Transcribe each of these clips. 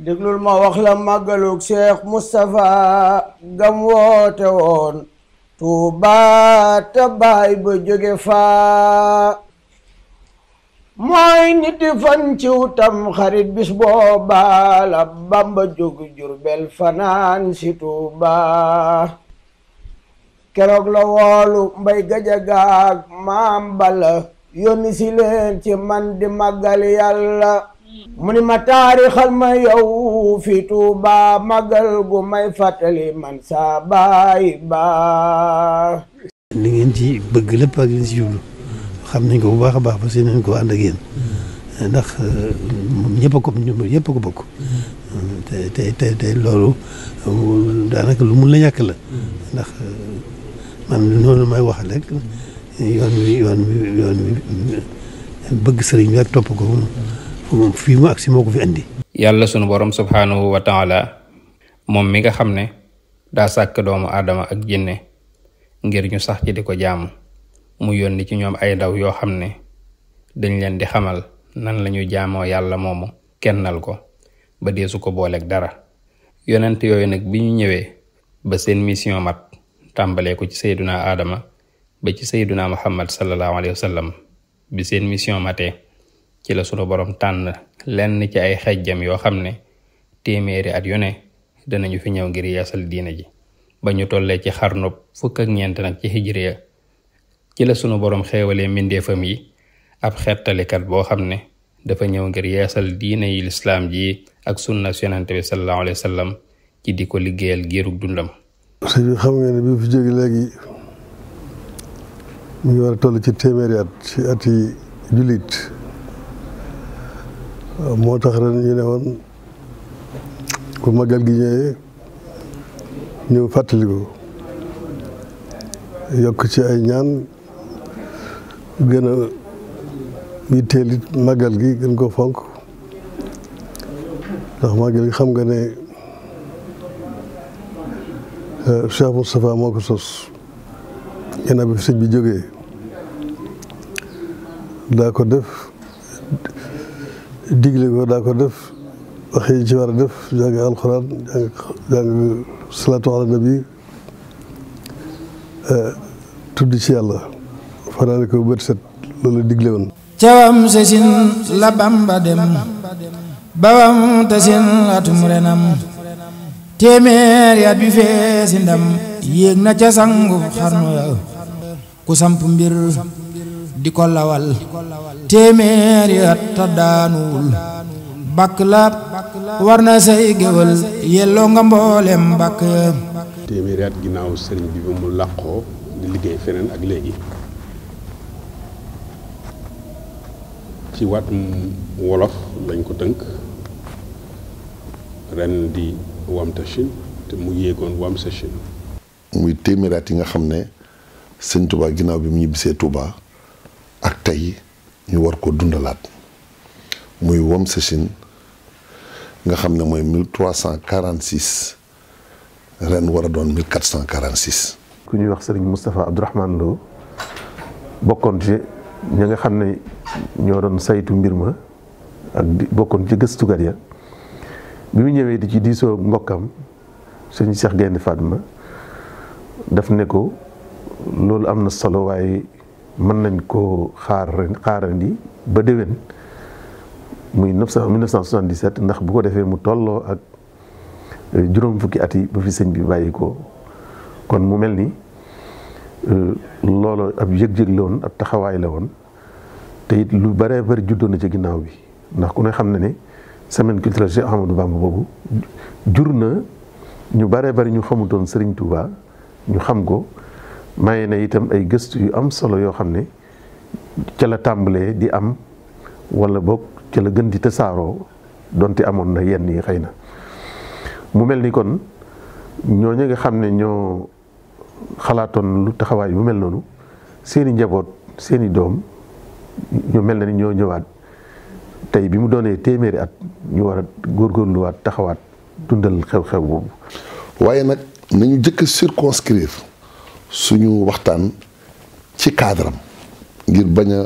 déglul ma wax la màggalug Cheikh Moustapha gam woote woon Tuuba ta baay ba jóge faa mooy niti fan ciw tam xarit bis booba la Bamba jóg Jurbel fanaan si Tuuba keroog la woolu mbay gajagaag maam bala yónni si leen ci man di màggal yàlla mu ni ma taarixal ma yow fi Tuuba magal gu may fàttali man saa baay ba li ngeen ci bëgg lépp ak li ci jublu xam nañ ko bu baax a baax parce que nañ ko ànd ndax ñëpp ko ñoom ko bokk te te te te loolu daanaka lu mun la ñàkk la ndax man noonu may wax rek yoon wi yoon wi yoon wi bëgg sëriñ bi ak topp ko moom yàlla sunu borom subhaanahu wa taala moom mi nga xam ne daa sàkk doomu aadama ak jinne ngir ñu sax ci di ko jaamu mu yónni ci ñoom ay ndaw yoo xam ne dañ leen di xamal nan lañuy jaamoo yàlla moomu kennal ko ba deesu ko booleek dara yonent yooyu nag bi ñu ñëwee ba seen mission mat tàmbalee ko ci sayduna aadama ba ci sayduna muhammad sallallahu alayhi wa sallam bi seen mission matee ci la sunu borom tànn lenn ci ay xejjam yoo xam ne téeméeri at yone ne danañu fi ñëw ngir yeesal diine ji ba ñu tollee ci xarnub fukk ak ñeent nag ci hijriya ci la sunu boroom xeewalee mbindeefam yi ab xettalikat boo xam ne dafa ñëw ngir yeesal diine yi lislaam ji ak sunna yonente bi sallallahu alayhi wa ci di ko liggéeyal giirug dundam. sëñ bi xam nga ne bi fi jógee léegi mu ngi war a ci téeméeri at ci at jullit. moo tax ren ñu ne woon bu magal gi ñëwee ñu fàttaliku yokk ci ay ñaan gën a yitteel it magal gi gën ko fonk ndax magal gi xam nga ne euh, Cheikh Moustapha moo ko sos ginnaaw bi sëñ bi jógee daa ko def digle ko daa def waxe yi ci war def jàng alxuraan jàng jàng salaatu ala nabi eh, tudd ci yàlla fanaane ko bët set loolu digle woon cawam sa sin la bamba dem bawam ta sin atum renam téeméer yaat bi fee si ndam yéeg na ca sangu ku samp di ko lawal téeméeri at ta daanuwul bàkk la war na say géwal yelloo nga mboolem bàkk téeméeri ginnaaw sëriñ bi mu làqoo di liggéey feneen ak léegi ci waat wolof lañ ko tënk ren di wam tachin te mu yéegoon wam sachin muy téeméeri yi nga xam ne sëñ Touba ginnaaw bi mu ñibbisee Touba ak tey ñu war ko dundalaat muy WOM Sessine nga xam ne mooy mille trois cent quarante ren war a doon mille cent quarante six. ku ñuy wax sëriñ Moustapha Abdourahmane Lo bokkoon ci ñi nga xam ne ñoo doon saytu mbir ma ak di bokkoon ci gëstukat ya bi mu ñëwee di ci diisoo mbokkam sëñ Cheikh Gaynde Fatma daf ne ko loolu am na solo waaye. mën nañ koo xaar xaarandi ba déwén muy 1977 ndax bu ko defee mu tolloo ak euh, juróom fukki at yi ba fi sëñ bi bàyyi ko kon mu mel ni euh, looloo ab yëg-yëg la woon ab taxawaay la woon te it lu bëree bëri juddoo na ci ginnaaw bi ndax ku ne xam na ne semaine culturelle Cheikh Ahmadou Bamba boobu jur na ñu bëree bari ñu xamutoon Serigne Touba ñu xam ko maye na itam ay gëstu yu am solo yoo xam ne ca la tàmbalee di am wala boog ca la gën di tasaaroo donte amoon na yenn yi xëy na mu mel ni kon ñooñu nga xam ne ñoo xalaatoon lu taxawaay bu mel noonu seeni njaboot seeni doom ñu mel na ni ñoo ñëwaat tey bi mu doonee téeméeri at ñu war a góor góorgóorluwaat taxawaat dundal xew-xew boobu. waaye nag nañu jëkk circonscrire. suñu waxtaan ci cadre ngir bañ a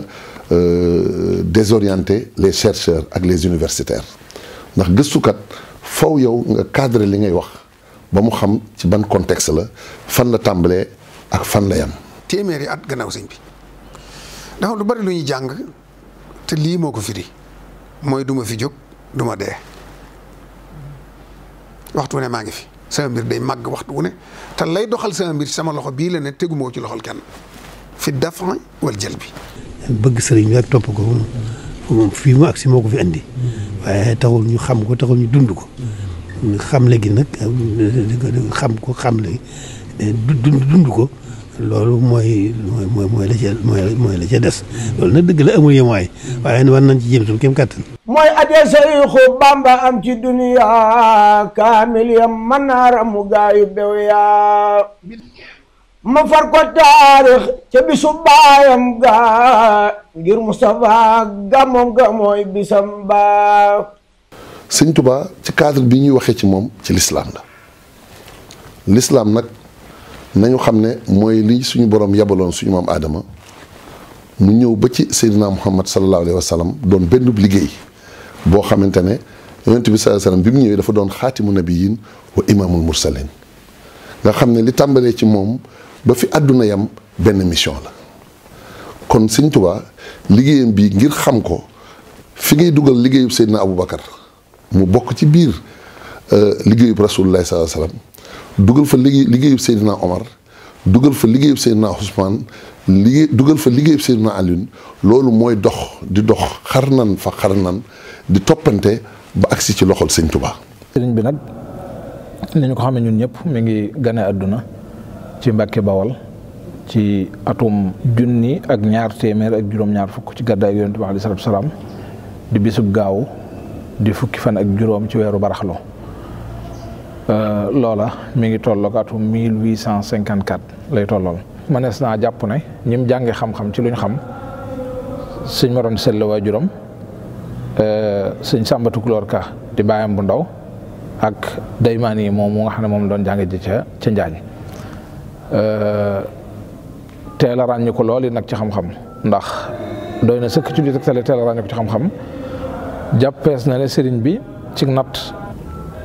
euh, désorienter les chercheurs ak les universitaires ndax gëstukat faw yow nga cadre li ngay wax ba mu xam ci ban contexte la fan la tàmbalee ak fan la yam téeméeri at gannaaw sëñ bi dafa lu bari lu ñuy jàng te lii moo ko firi mooy duma fi jóg duma dee waxtu ne maa ngi fi sama mbir day màgg waxtu wu ne te lay doxal sama mbir sama loxo bii la ne tegumoo ci loxol kenn fi dafa wal jël bi. bëgg sëriñ bi ak topp ko moom fii mu moo ko fi andi waaye taxul ñu xam ko taxul ñu dund ko xam léegi nag xam ko xam léegi dund dund ko. loolu mooy mooy mooy la ca la ca des loolu nag dëgg la amul yemaay waaye war nañ ci jéem suñu kéem kattan. mooy adee Sëriñ Bamba am ci duniya kaamil ya manaara mu gaayu bew ya ma far ko taarix ca bisu baayam ga ngir Moustapha gamoom ga mooy bisam ba Sëñ Tuubaa ci cadre bi ñuy waxee ci moom ci lislaam la lislaam nag nañu xam ne mooy lii suñu borom yabaloon suñu maam aadama mu ñëw ba ci Seydina Muhammad sallallahu alayhi wa sallam doon benn liggéey boo xamante ne yonent bi sallallahu alayhi wa sallam bi mu ñëwee dafa doon xaatimu nabiyin wa imaamul mursalin nga xam ne li tàmbalee ci moom ba fi àdduna yam benn mission la kon Sëñ Tuubaa liggéeyam bi ngir xam ko fi ngay dugal liggéeyub abu Aboubacar mu bokk ci biir euh, liggéeyub Rasulullahi sallallahu alayhi wa sallam dugal fa liggéey liggéeyub Seydina Omar dugal fa liggéeyub Seydina Ousmane dugal fa liggéeyub Seydina loolu mooy dox di dox xar nan fa xar di toppante ba agsi ci loxol sëñ tubaa sëriñ bi nag ni ñu ko xam ñun ñëpp mi ngi gane àdduna ci Mbàkke Bawol ci atum junni ak ñaar téeméer ak juróom-ñaar fukk ci gàddaay Yonent bi alayhi salaatu wa salaam di bisub gaaw di fukki fan ak juróom ci weeru baraxlo Euh, loola mi ngi tolloog atum 1854 lay tollool. mënees naa jàpp na ñim jànge xam-xam ci luñ xam suñ ma doon seetlu waajuram euh, suñ sàmbatu kuloor ka di bàyyam bu ndaw ak daymaan yi moom mu nga xam ne moom doon jànge ji ca ca njaañ euh, teel a ràññi ko lool yi nag ci xam-xam ndax doy na sëkk ci di teel a ràññi ko ci xam-xam jàppees na ne sëriñ bi ci natt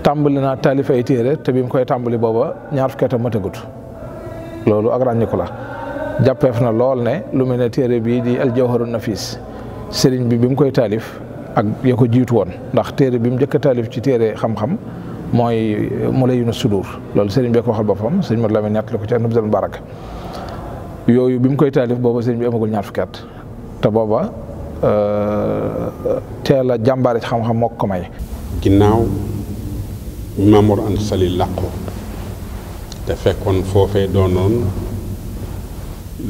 tàmbali naa taalif ay téere te bi mu koy tàmbali booba ñaar fukki atam matagut loolu ak ràññiku la jàppeef na lool ne lu mel ne téere bii di na nafis sëriñ bi bi mu koy taalif ak ya jiitu woon ndax téere bi mu njëkk a taalif ci téere xam mooy mu lay yunu sudur loolu sëriñ bee boppam sëriñ Mor Lamine ñett la ko ci anub zan baraka yooyu bi koy taalif booba sëriñ bi amagul ñaar fukki te booba euh, teel a jàmbaare ci xam-xam moo ko may Maamoor Anta Sali làqu te fekkoon foofee doonoon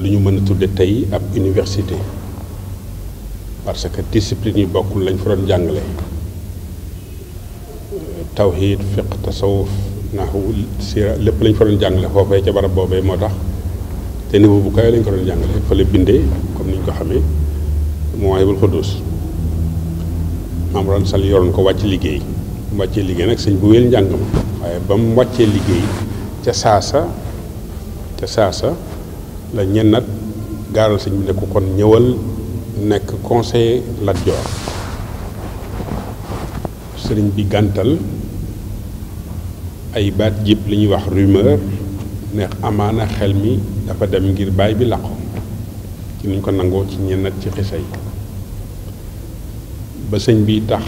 lu ñu mën a tudde tey ab université parce que discipline yi bokkul lañ fa doon jàngale tawxiid fiq tasawuf naaxu siira lépp lañu fa doon jàngale foofee ca barab boobee moo tax te niveau bu kawe lañ ko doon jàngale fa la bindee comme niñ ko xamee Mawaahibul Xuddus Maamoor Anta Sali yoroon ko wàcc liggéey bu mu wàccee liggéey nag sëñ bu wéel njàng ma waaye ba mu wàccee liggéey ca sa ca saa sa la ñennat gaaral sëñ bi ne ko kon ñëwal nekk conseiller Lat Joor sëriñ bi gàntal ay baat jib li ñuy wax rumeur neex amaana xel mi dafa dem ngir baay bi làqu ci niñ ko nangoo ci ñennat ci xisa yi ba sëñ bi tax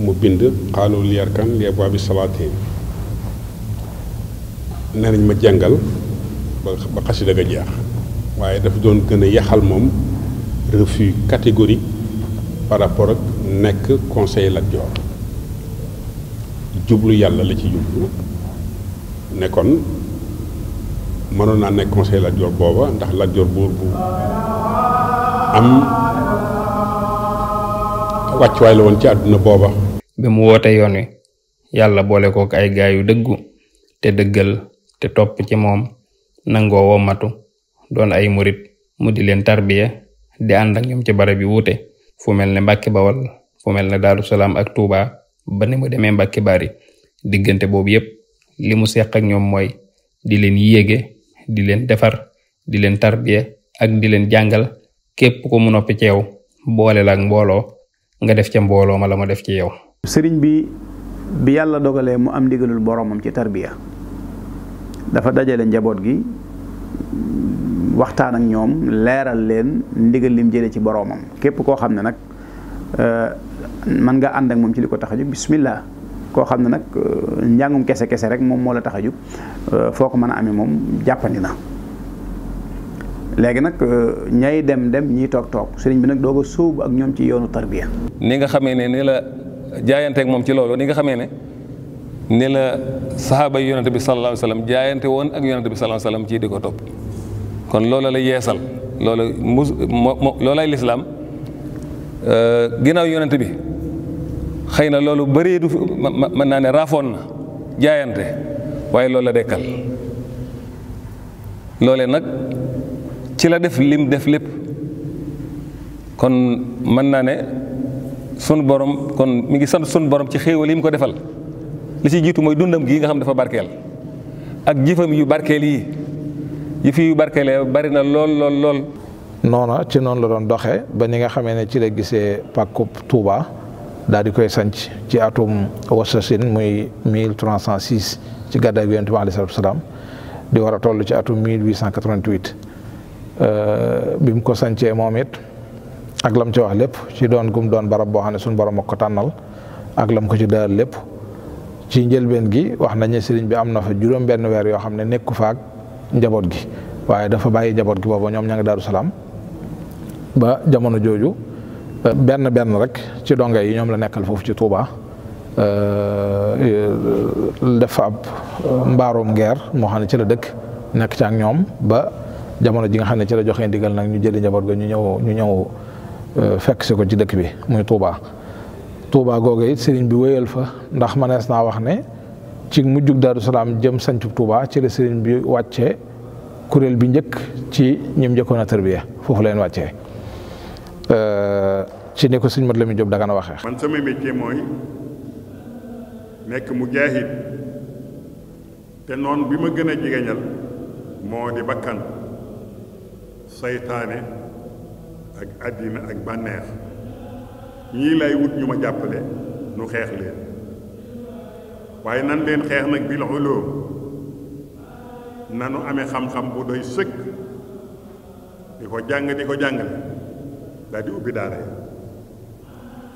mu bind xaaloo li yarkan li abwaabi salaatin nee nañ ma jàngal ba ba xasida jeex waaye dafa doon gën a yaxal moom refus catégorique par rapport ak nekk conseil Lat Joor jublu yàlla la ci jublu ne mënoon naa nekk conseil Lat Joor booba ndax Lat Joor buur am wàccuwaay la woon ci àdduna booba. bi mu woote yoon wi yàlla boole kook ay gaayu yu dëggu te dëggal te topp ci moom nangoo matu doon ay murit mu di leen tarbiya di ànd ak ñoom ci barab yu wuute fu mel ne Mbàkke Bawal fu mel ne Daaru Salaam ak Tuubaa ba ni mu demee Mbàkke Baari diggante boobu yépp li mu seq ak ñoom mooy di leen yéege di leen defar di leen tarbiya ak di leen jàngal képp ku mu noppi ci yow boole la ak nga def ca mbooloo ma la ma def ci yow. sëriñ bi bi yàlla dogalee mu am ndigalul boromam ci tarbiya dafa dajale njaboot gi waxtaan ak ñoom leeral leen ndigal lim jële ci boromam képp koo xam ne nag euh, mën nga àndak moom ci li ko tax a jóg bismillah koo xam ne nag euh, njàngum kese kese rek moom moo la tax a jóg euh, foo ko mën a amee moom jàppandi na. léegi nag euh, ñay dem dem ñiy toog toog sëriñ bi nag doog a sóobu ak ñoom ci yoonu tarbiya ni nga xamee ne ni la jaayanteeg moom ci loolu ni nga xamee ne ni la saxaaba yi yonante bi sallallahu alayhi wasallam jaayante woon ak yonante bi sallallahu alayhi wasallam ci di ko topp kon loola la yeesal loola mus loolay lislaam euh, ginnaaw yonante bi xëy na loolu bëree du mën naa ne raafoon na jaayante waaye loolu la dekkal loole nag ci la def lim def lépp kon mën naa ne sunu borom kon mi ngi sant sunu borom ci xéewal lim ko defal li ci jiitu mooy dundam gii nga xam dafa barkeel ak jifam yu barkeel yi jëf yu barkeelee bari na lool lool lool. noona ci noonu la doon doxee ba ni nga xamee ne ci la gisee pàkkub Touba daal di koy sanc ci atum wasasin muy 1306 ci gàddaay bi Yonent bi alayhi salaatu wa salaam di war a toll ci atum 1888. Euh, bi mu ko sancee moom it ak lam ci wax lépp ci doon gum doon barab boo xam ne suñu borom ak ko tànnal ak lam ko ci daal lépp ci njëlbeen gi wax nañu sëriñ bi am na fa juróom benn weer yoo xam ne nekku faak njaboot gi waaye dafa bàyyi njaboot gi boobu ñoom ña ngi daaru salaam ba jamono jooju benn benn rek ci donga yi ñoom la nekkal foofu ci Touba euh, euh, def fa ab mbaarum ngeer moo xam ne ci la dëkk nekk ci ak ñoom jamono ji nga xam ne ci la joxe ndigal nag ñu jëli njaboot ga ñu ñëw ñu ñëw euh, fekk si ko ci dëkk bi muy Touba. Touba googu it sëriñ bi wéyal fa ndax manees naa wax ne ci mujjug Daaru Salaam jëm sancub Touba ci la sëriñ bi wàccee kuréel bi njëkk ci ñim njëkkoon a tarbiya foofu leen wàccee euh, ci ne ko sëñ la Lamin Jóob da nga na waxee. man sama métier mooy nekk mujaahid te noonu bi ma gën a jegeñal moo di bakkan. saytaane ak àddina ak bànneex ñii lay wut ñu ma jàppale nu xeex leen waaye nan leen xeex nag bil ulum nanu amee xam-xam bu doy sëkk di ko jàng di ko jàng daal di ubbi daara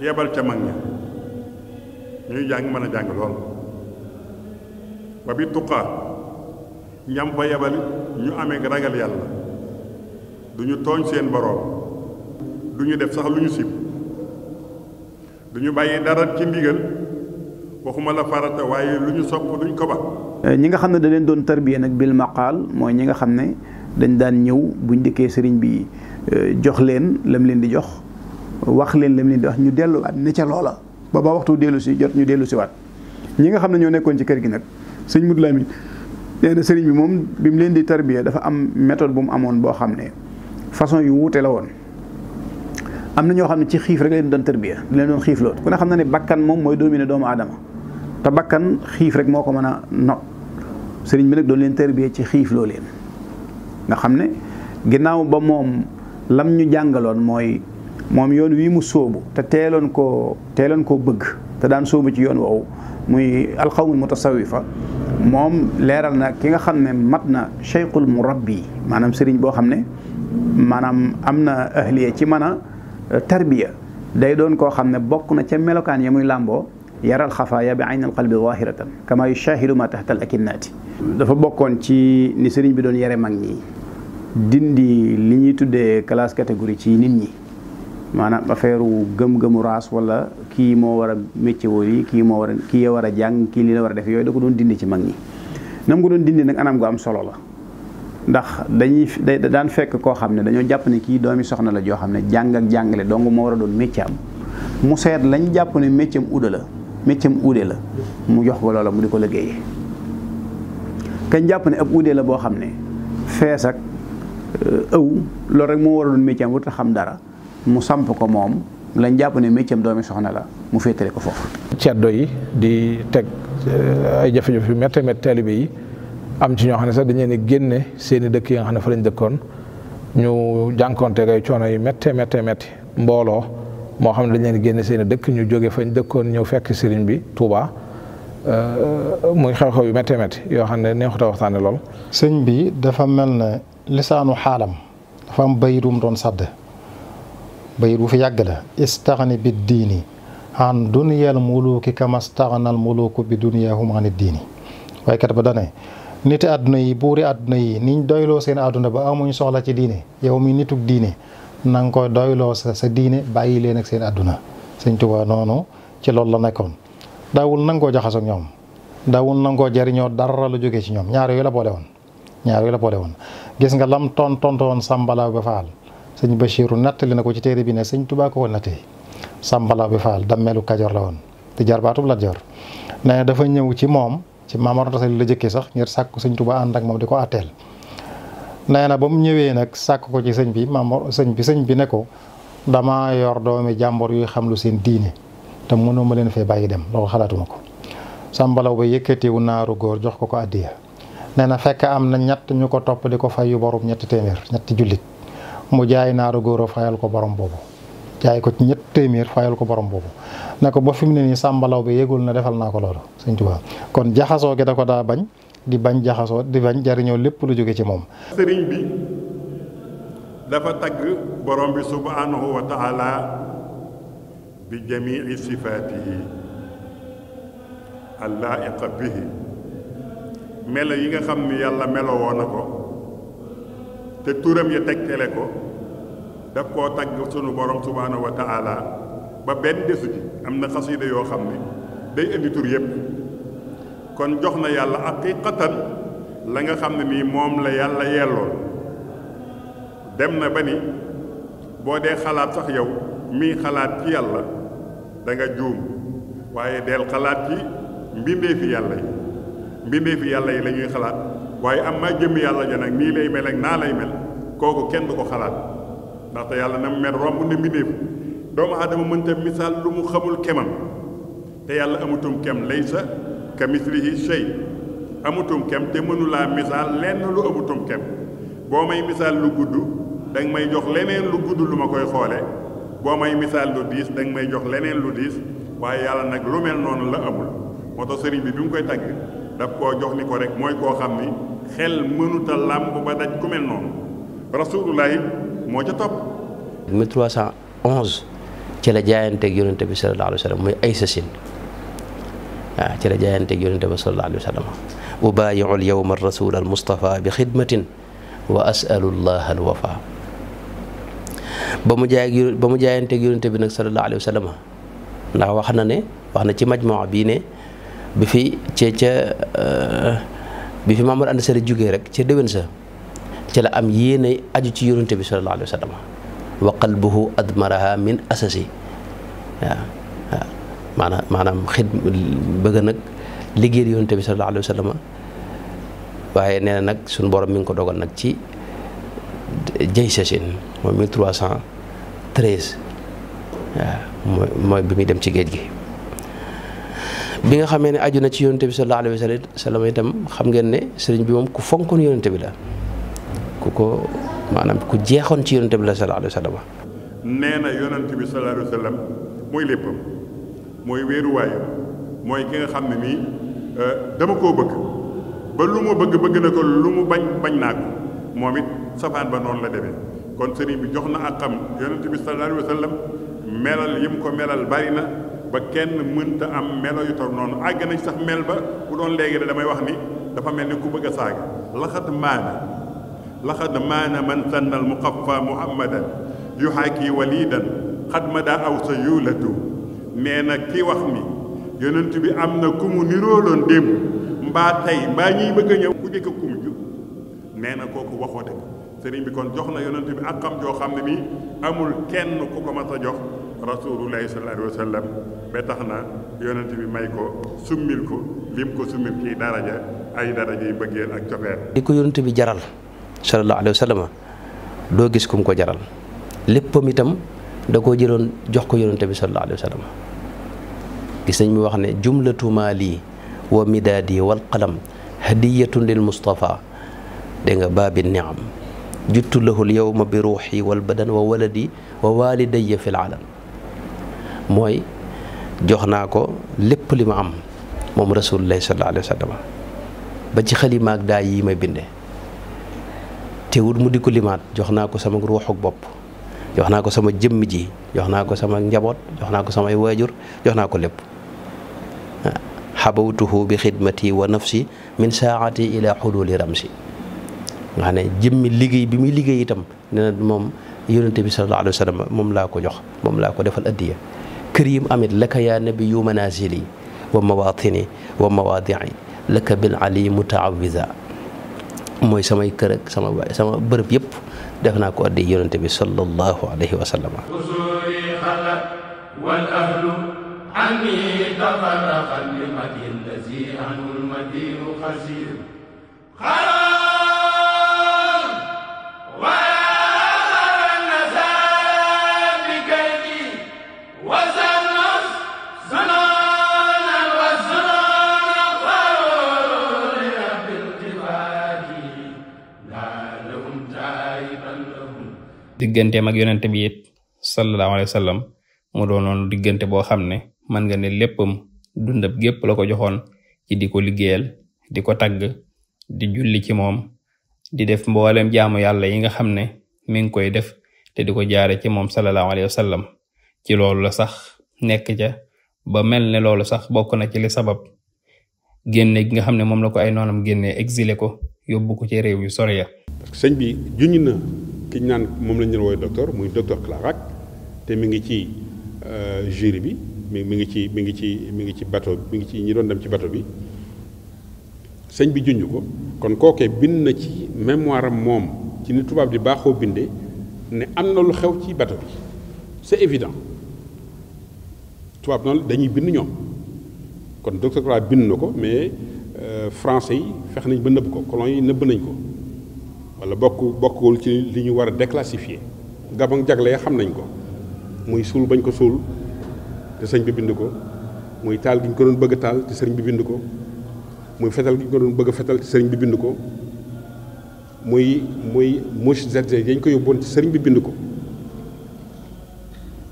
yebal ca mag ña ñuy jàng mën a jàng lool wa bi tuqaa ñam fa yebal ñu amee ragal yàlla du ñu tooñ seen boroom du ñu def sax lu ñu sib du ñu bàyyi dara ci ndigal waxuma la farata waaye lu ñu sopp duñ ko ba eh, ñi nga xam ne da leen doon tarbiya nag bil maqaal mooy ñi nga xam ne dañ daan ñëw buñ dikkee sëriñ bi eh, jox leen lam leen di jox wax leen lam leen di wax ñu delluwaat ne ca loola ba ba waxtu dellu si jot ñu dellu siwaat ñi nga xam ne ñoo nekkoon ci kër gi nag sëñ Moudou Lamine nee na sëriñ bi moom bi mu leen di tarbiya dafa am méthode bu mu amoon boo xam ne façon yu wuute la woon am na ñoo xam ne ci xiif rek leen doon tërbiya leen doon xiif loolu ku ne xam na ne bakkan moom mooy dominer te bakkan xiif rek moo ko mën a not sëriñ bi nag doon leen tërbiya ci xiif loo nga xam ne ginnaaw ba moom lam ñu jàngaloon mooy moom yoon wii mu sóobu te teeloon koo teeloon koo bëgg te daan sóobu ci yoon woowu muy alxawmul mutasawifa moom leeral na ki nga xam ne mat na cheikhul murabbi maanaam sëriñ boo xam ne maanaam am na ahliya ci mën a euh, tarbiya day doon koo xam ne bokk na ca melokaan ya muy làmboo yaral xafaaya bi aynal qalbi zahiratan kama yushahidu ma tahta al akinnaati dafa bokkoon ci ni sëriñ bi doon yare mag ñi dindi li ñuy tuddee classe catégorie ci nit ñi maanaam affaire gëm-gëmu raas wala kii moo war a métier yi kii moo war kii ya war a jàng kii lii la war a def yooyu da ko doon dindi ci mag ñi nam ko doon dindi nag anam gu am solo la ndax dañuy day daan fekk koo xam ne dañoo jàpp ne kii doomi soxna la joo xam ne jàng ak jàngale dong moo war a doon métier mu seet lañ jàpp ne métier am la métier am la mu jox ko loola mu di ko liggéeyee kañ jàpp ne ab uude la boo xam ne feesak euh, ëw loolu rek moo war a doon métier wut a xam dara mu samp ko moom lañ jàpp ne métier am doomi soxna la mu féetale ko foofu. ceddo yi di teg euh, ay jafe-jafe yu méttee taalibe yi. am ci ñoo xam ne sax dañu leen génne seen dëkk yi nga xam ne fa lañ dëkkoon ñu jànkonteeg ay coono yu méttee méttee métti mbooloo moo xam ne dañ leen génne seen i dëkk ñu jóge fañ dëkkoon ñëw fekk sëriñ bi Touba euh, muy xew-xew yu méttee métti yoo xam ne neexut a waxtaane lool. sëñ bi dafa mel ne lisaanu xaalam dafa am bayit mu doon sàdd bayit wu fi yàgg la istaxni bi diini an duniyal muluki kama staxnal muluku bi duniyahum ani diini waaye kat ba dane niti àdduna yi buuri àdduna yi niñ doyloo seen àdduna ba amuñ soxla ci diine yow mi nitug diine na nga ko doyloo sa sa diine bàyyi leen ak seen àdduna sëñ Tuubaa noonu ci loolu la nekkoon daawul nangoo jaxasoo ak ñoom daawul nangoo jariñoo dara la jógee ci ñoom ñaar yooyu la boole woon ñaar yooyu la boole woon gis nga lam ton tontoon Sambalaw bi Faal sëñ Bachiru nattali na ko ci téere bi ne sëñ Tuubaa ko ko nattee Sambalaw bi Faal dammelu Kajoor la woon di jarbaatub ci Maam Mor Anta Sali la jëkkee sax ngir sàkk sëñ Tuubaa ànd ak moom di ko àtteel nee na ba mu ñëwee nag sàkk ko ci sëñ bi Maam sëñ bi sëñ bi ne ko dama yor doomi jàmbor yuy xam lu seen diine te mënoo ma leen fee bàyyi dem loolu xalaatuma ko sambalaw ba yëkkatiwu naaru góor jox ko ko addiya nee na fekk am na ñett ñu ko topp di ko fay yu borom ñetti téeméer ñetti jullit mu jaay naaru góor fayal ko borom boobu jaay ko ci ñetti téeméer fayal ko borom boobu ne ko ba fi ne nii sàmbalaw bi yëgul na defal naa ko loolu sëñ Tuubaa kon jaxasoo gi da ko daa bañ di bañ jaxasoo di bañ jariñoo lépp lu jóge ci moom. sëriñ bi dafa tagg borom bi subhaanahu wa bi jamii sifaatihi allaa'iqa bihi melo yi nga xam ni yàlla meloo woon na ko te turam ya tegtale ko daf koo tagg sunu borom subhaanahu wa ba benn desu ji am na xasida yoo xam ne day indi tur yépp kon jox na yàlla haqiqatan la nga xam ne nii moom la yàlla yelloon dem na ba ni boo dee xalaat sax yow mii xalaat ci yàlla danga nga juum waaye deel xalaat ci mbindeefi yàlla yi mbindeefi yàlla yi la ñuy xalaat waaye am maa jëmm yàlla ja nag nii lay mel ak naa lay mel kooku kenn du ko xalaat ndaxte yàlla na mu mel romb ne mbindeef doomu aadama mënta misaal lu mu xamul kemam te yàlla amatum kem laysa ka mislihi shay amutum kem te mënulaa misaal lenn lu amutum kem boo may misaal lu gudd danga may jox leneen lu gudd lu ma koy xoole boo may misaal lu diis danga may jox leneen lu diis waaye yàlla nag lu mel noonu la amul moo tax sëriñ bi bi mu koy tagg daf koo jox ni ko rek mooy koo xam ni xel mënuta làmb ba daj ku mel noonu rasululaahi moo ca topp 1311 ci la jaayanteeg yonente bi sallallahu alayhi wa sallam muy ay sasin waaw ci la jaayanteeg yonente bi sallallahu alayhi wa sallam ubaayiu al yawma rasul al mustafa bi xidmatin wa asalu llah al wafa ba mu jaay ba bi nag sallallahu alayhi wa sallam wax na ne wax na ci majmua bii ne bi fi ca ca euh, fi Maamar Anta Sali jógee rek ca déwén sa ci la am yéene aju ci yonente bi sallallahu alayhi wa wa qalbuhu admaraha min asasi waaw maanaam maanaam xid nag liggéeyal yonent bi sallallahu alayhi nee nag suñu borom mi ngi ko dogal nag ci jëy sachin mooy mille trois cent mooy bi muy dem ci géej gi bi nga xamee ne aju na ci yonent bi sallallahu alayhi wa sallam itam xam ngeen ne sëriñ bi moom ku fonkoon yonent bi la ku ko maanaam ku jeexoon ci yonent bi la sallallahu alayhi wa nee na yonent bi sallallahu alayhi wa mooy léppam mooy wéeruwaayam mooy ki nga xam ne nii euh, dama koo bëgg ba lu mu bëgg bëgg na ko lu mu bañ bañ naa ko moom it safaan ba noonu la demee kon sëriñ bi jox na ak xam yonent bi sallallahu alayhi wa sallam melal yi mu ko melal bari na ba kenn mënta am melo yu toog noonu àgg sax mel ba ku doon léegi de damay wax ni dafa mel ni ku bëgg a saaga laxat maana لقد مان من سن المقفى محمدا يحاكي وليدا xat ma daa aw sa yuulatu nee na ki wax mi yonent bi am na ku mu nirooloon démb mbaa tey mbaa ñiy bëgg a ñëw ku njëkk ku mu ju nee na kooku waxoo dëgg sëriñ bi kon jox na yonent bi ak xam joo xam ne nii amul kenn ku ko mas a jox rasulullahi sallallahu alayhi wa tax na yonent bi may ko summil ko lim ko summil kii daraja ay daraja yu bëggeel ak cofeel di ko yonent bi jaral sallallahu alayhi doo gis kum ko jaral léppam itam da koo jëloon jox ko yonente bi sallallahu alayhi wa gis nañ mu wax ne jumlatu maali wa midaadi wal qalam hadiyatun lil mustafa dégg nga baabi niam juttu lahul jox naa ko lépp li ma am moom rasulullahi sallallahu alayhi ba ci xalimaak daa yi may binde teewul mu di ko limaat jox naa ko sama ruuxuk bopp jox naa ko sama jëmm ji jox naa ko sama njaboot jox naa ko samay waajur jox naa ko lépp xabawtuhu bi xidmati wa nafsi min saati ila xululi ramsi nga ne jëmmi liggéey bi muy liggéey itam nee laa ko jox moom laa ko defal addiya kër yim amit laka yaa nabiyu manazili wa mawatini wa mawaadii laka bil ali mutaawida mooy samay kër ak sama baay sama bërëb yëpp def naa ko addi yonente bi sallallahu alayhi wa sallam wal digganteem mag yonent bi it sallallahu alayhi wa sallam mu doonoon diggante boo xam ne mën nga ne léppam dundab gépp la ko joxoon ci di ko liggéeyal di ko tagg di julli ci moom di def mboolem jaamu yàlla yi nga xam ne mi ngi koy def te di ko jaare ci moom sallallahu alayhi wa sallam ci loolu la sax nekk ca ba mel ne loolu sax bokk na ci li sabab génne gi nga xam ne moom la ko ay noonam génne exilé ko yóbbu ko ci réw yu sore ya bi juñ na ki ñu naan moom lañ leen woowee docteur muy docteur Clarac te mi ngi ci euh, jury bi mi mi ngi ci mi ngi ci mi ngi ci bateau mi ngi ci ñi doon dem ci bateau bi sëñ bi junj ko kon kookee bind na ci mémoire am moom ci ni tubaab di baaxoo bindee ne am na lu xew ci bateau bi c'est évident tubaab noonu dañuy bind ñoom kon docteur Clarac bind na ko mais euh, français yi fex nañ ba nëbb ko colon yi nëbb nañ ko. wala bokk bokkul ci li ñu war a déclassifier Gabon jagle xam nañ ko muy suul bañ ko suul te sëñ bi bind ko muy taal gi ñu ko doon bëgg taal te sëriñ bi bind ko muy fetal gi ñu ko doon bëgg fetal te sëriñ bi bind ko muy muy mouche zz ko yóbboon ci sëriñ bi bind ko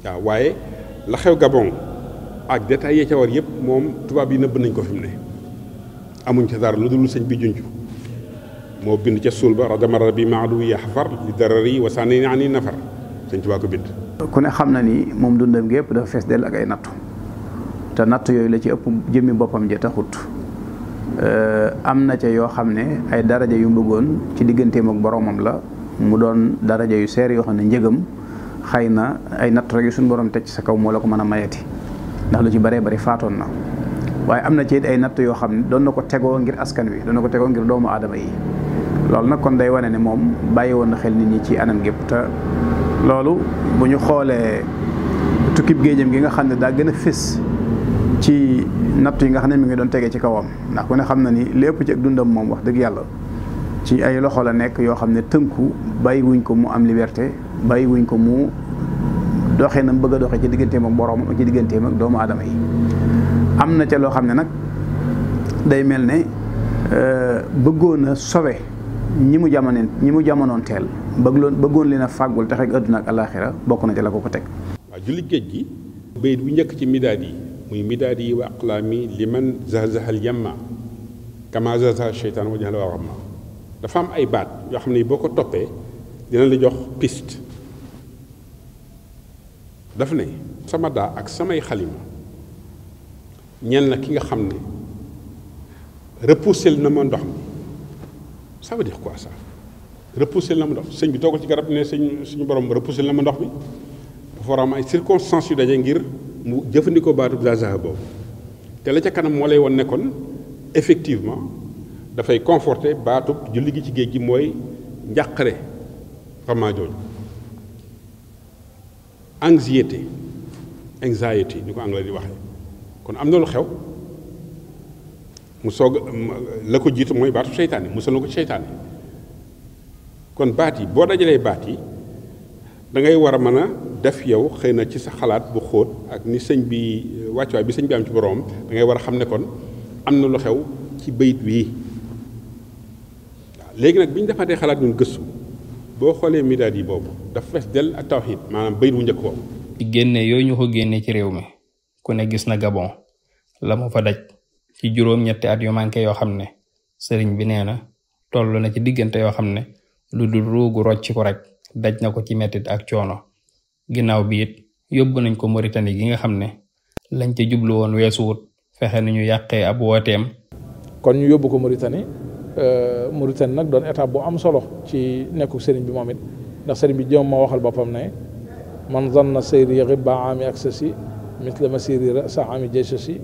waaw waaye la xew Gabon ak détails yee ca war yëpp moom tubaab yi nëbb nañ ko fi mu ne amuñ ca dara lu dul sëñ bi junj moo bind ca suul ba rajama rabbi maadu yaxfar li darari wa sànni ani nafar sëñ Tuubaa ko bind ku ne xam na ni moom dundam gépp dafa fees dell ak ay nattu te natt yooyu la ci ëpp jëmmi boppam ja taxut am na ca yoo xam ne ay daraja yu bëggoon ci digganteem ak boromam la mu doon daraja yu seer yoo xam ne njëgam xëy na ay natt rek yu suñu borom teg ci sa kaw moo la ko mën a mayati ndax lu ci baree bari faatoon na waaye am na ci ay natt yoo xam ne doon na ko tegoo ngir askan wi doon na ko tegoo ngir doomu aadama yi loolu nag kon day wane ni moom bàyyi woon na xel nit ñi ci anam gépp te loolu bu ñu xoolee tukkib géejam gi nga xam ne daa gën a fés ci nattu yi nga xam ne mu ngi doon tege ci kawam ndax ku ne xam na ni lépp ci ak dundam moom wax dëgg yàlla ci ay loxo la nekk yoo xam ne tënku bàyyi wuñ ko mu am liberté bàyyi wuñ ko mu doxee na mu bëgg a doxee ci digganteem ak boroomam ak ci digganteem ak doomu aadama yi am na ca loo xam ne nag day mel ne euh, bëggoon a sowe ñi mu jamonoon ñi mu jamonoon teel bëggoon bëggoon leen a fàggul tax ak àdduna ak alaaxira bokk na ci la ko ko teg. waaw julli géej gi. bayit bu njëkk ci midaad yi muy midaad yi wa aqlaami liman zahzahal yamma kama zahzaha sheytaan wa jahala waxamma dafa am ay baat yoo xam ne boo ko toppee dina la jox piste. daf ne sama daa ak samay xalima ñen la ki nga xam ne repoussé na ma ndox mi. ça veut dire quoi ça repousser la ma ndox sëñ bi toogal ci garab ne sëñ suñu borom repousser la ma ndox bi dafa war a am ay circonstances yu daje ngir mu jëfandikoo baatu zaza boobu te la ca kanam moo lay woon nekkoon effectivement dafay conforter baatub julli gi ci géej gi mooy njàqare xamaa jooju anxiété anxiety ni ko anglais di waxee kon am na lu xew mu soog la ko jiitu mooy baatu seytaane musal na ko seytaane kon baat yi boo dajalee baat yi dangay war a mën a def yow xëy na ci sa xalaat bu xóot ak ni sëñ bi wàccuwaay bi sëñ bi am ci boroom da ngay war a xam ne kon am na lu xew ci bayit wii léegi nag bi ñu defaatee xalaat ñun gëstu boo xoolee midaad yi boobu dafa fees dell ak tawxiid maanaam bayit wu njëkk boobu. génne yooyu ñu ko génne ci réew mi ku ne gis na Gabon la mu fa daj. ci juróom-ñetti at yu manqué yoo xam ne sëriñ bi nee na toll na ci diggante yoo xam ne lu dul ruugu rocc ko rek daj na ko ci mettit ak coono ginaaw bi it yóbbu nañ ko Mauritanie gi nga xam ne lañ ca jublu woon weesuwut fexe nañu yàqee ab wooteem kon ñu yóbbu ko Mauritanie euh, Mauritanie nag doon étape bu am solo ci nekku sëriñ bi moom ndax sëriñ bi jëm ma waxal boppam ne man zanna sayri ghibba ami aksasi mithla masirira sa ami jaysasi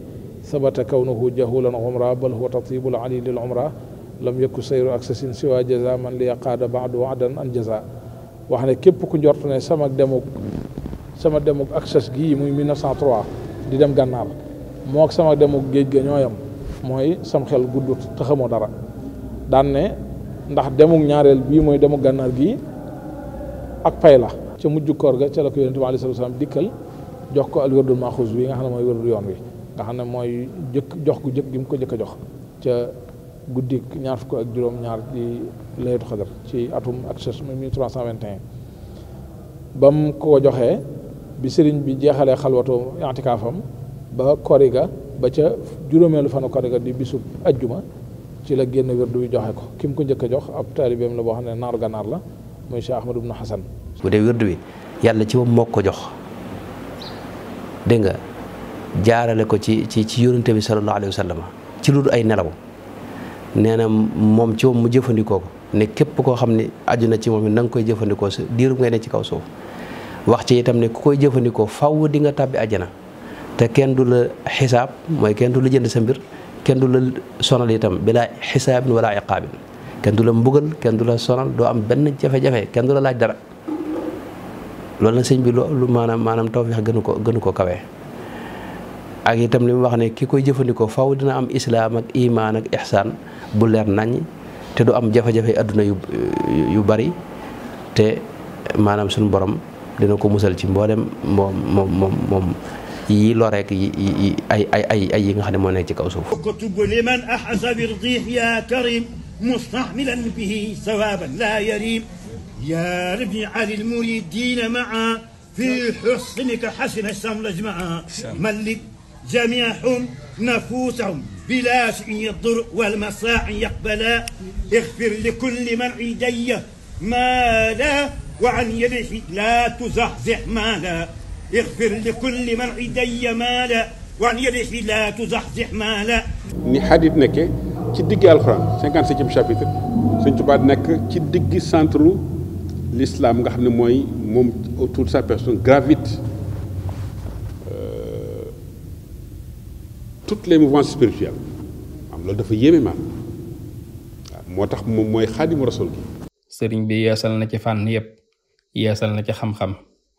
sabata kawnuhu jahulan umra bal huwa tatibul ali lil umra lam yakku sayru ak si siwa jaza man li yaqaada baadu waadan an jaza wax ne képp ku njort ne sama demuk sama demuk ak gi gii muy 1903 di dem gànnaar moo ak sama demuk géej ga yam mooy sam xel guddut te dara daan ne ndax demuk ñaareel bii mooy demuk gànnaar gi ak pay la ca mujj koor ga ca la ko yonente bi aleyhi salaam dikkal jox ko al wérdul maaxuus bi nga xam ne mooy wérdu yoon wi nga xam ne mooy jëkk jox gu jëkk gi mu ko jëkk a jox ca guddi ñaar fukk ak juróom-ñaar ci laytu xadar ci atum ak ses 1321 ba mu ko joxee bi sëriñ bi jeexalee xalwatu i'tikaafam ba koriga ba ca juróomeelu fanu koriga di bisub ajjuma ci la génn wérdu wi joxe ko ki mu ko njëkk a jox ab taalibeem la boo xam ne naaru gànnaar la muy Cheikh Ahmadou ibn Hasan bu dee wérdu wi yàlla ci moom moo ko jox dégg nga jaarale ko ci ci ci yónnante bi sallallahu alayhi ci lu dul ay nelaw nee na moom ci moom mu jëfandikoo ko ne képp koo xam ne aju na ci moom nanga koy jëfandikoo sa diiru ngay ci kaw suuf wax ci itam ne ku koy jëfandikoo faw di nga tàbbi àjjana te kenn du la xisaab mooy kenn du la jënd sa mbir kenn du la sonal itam bilaa xisaabin wala iqaabin kenn du la mbugal kenn du la sonal doo am benn jafe-jafe kenn du la laaj dara loolu sëñ bi lu maanaam maanaam tawfeex gënu ko gënu ko kawee ak itam li mu wax ne ki koy jëfandikoo faw dina am islaam ak imaan ak bu leer nañ te du am jafe-jafe adduna yu bari te maanaam suñu borom dina ko musal ci mboolem moom moom moom moom yi ay ay ay nga xam ne moo nekk ci kaw suuf kutub liman ahsa جميعهم نفوسهم بلا شيء يضر والمساء يقبلا اغفر لكل من عيدي ما لا وعن يده لا تزحزح مالا اغفر لكل من عيدي مالا وعن يده لا تزحزح مالا ni xadit nekke ci digg alxuraan 57e chapitre Sëñ Tuubaa nekk ci digg centre l'islam nga xam ne mooy moom autour de sa gravite toutes les mouvances spirituelles dafa yéeme moo tax moom mooy xaadimu rasul gi sëriñ bi yeesal na ci fànn yépp yeesal na ci xam-xam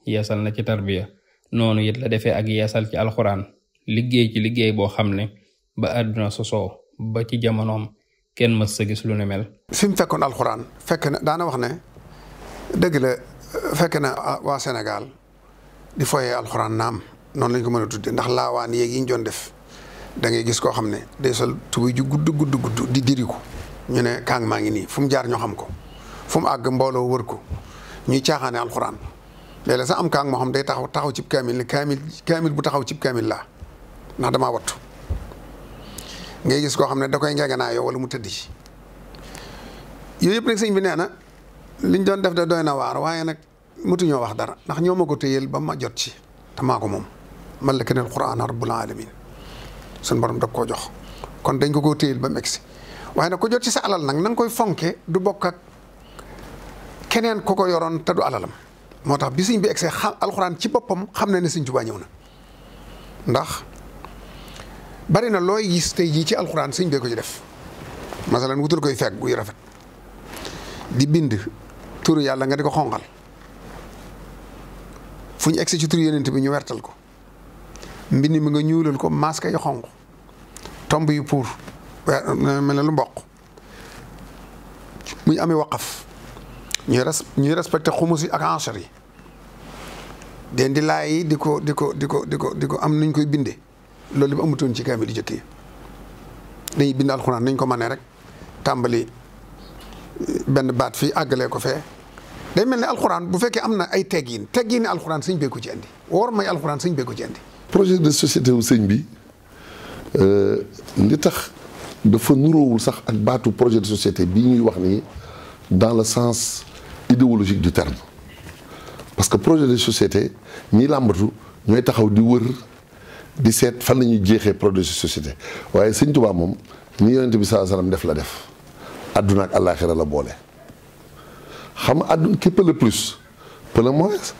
yeesal na ci tarbiya noonu it la defee ak yeesal ci alxuraan liggéey ci liggéey boo xam ne ba àdduna sosoo ba ci jamonoom kenn mës sa gis lu ne mel. fi mu fekkoon alxuraan fekk na daana wax ne dëgg la fekk na ah, waa senegal di foyee alxuraan naam noonu lañ ko mën a tuddee ndax laawaan yeeg yi ñu doon def. da ngay gis koo xam ne day sol tubuy ju gudd gudd gudd di ko ñu ne kaang maa ngi nii fu mu jaar ñoo xam ko fu mu àgg mbooloo wër ko ñuy caaxaane alxuraan léeg-léeg am kaang moo xam day taxaw taxaw cib kaamil ne kaamil bu taxaw cib kaamil laa ndax damaa gis koo xam ne da koy ngeeganaay yow wala mu tëddi yooyu yëpp sëñ bi nee na liñ doon def de doy na waar waaye nag mëtuñoo wax dara ndax ñoo ma ko téyeel ba ma jot ci te ko moom man la keneen quraan rabbul alamin suñ borom da koo jox kon dañ ko koo téyel ba mu egsi waaye nag ko jot ci sa alal nag na koy fonke du bokk ak keneen ku ko yoroon te du alalam moo tax bi sëñ bi egsee xam alxuraan ci boppam xam na ne sëñ Tuubaa ñëw na ndax bari na looy gis tey jii ci alxuraan sëñ bee ko ci def masalan wutul koy fekk guy rafet di bind turu yàlla nga di ko xonqal fu ñu egsi ci turu yonent bi ñu wertal ko mbind mi nga ñuulal ko masque yu xonq tomb yu pour mel ne lu mboq mu ñu amee waqaf ñuy res ñuy respecté xumus yi ak enchères yi den di laay di ko di ko di ko di ko di ko am nuñ koy binde loolu bi amutoon ci kaamil di jëkk yi dañuy bind alxuraan nañ ko manee rek tàmbali eh, benn baat fii àggalee ko fee day mel ni alxuraan bu fekkee am na ay teggiin teggiin alxuraan suñ bee ko ci andi woor may alxuraan suñ bee ko andi projet de société wu sëñ bi euh, li tax dafa nuroowul sax ak baatu projet de société bi ñuy wax nii dans le sens idéologique du terme parce que projet de société ñi làmbatu ñooy taxaw di wër di seet fan la ñuy jeexee projet de société waaye sëñ Tuubaa moom ni yonent bi saa salaam def la def àdduna ak àllaaxira la boole xam àdduna képp le plus peu le moins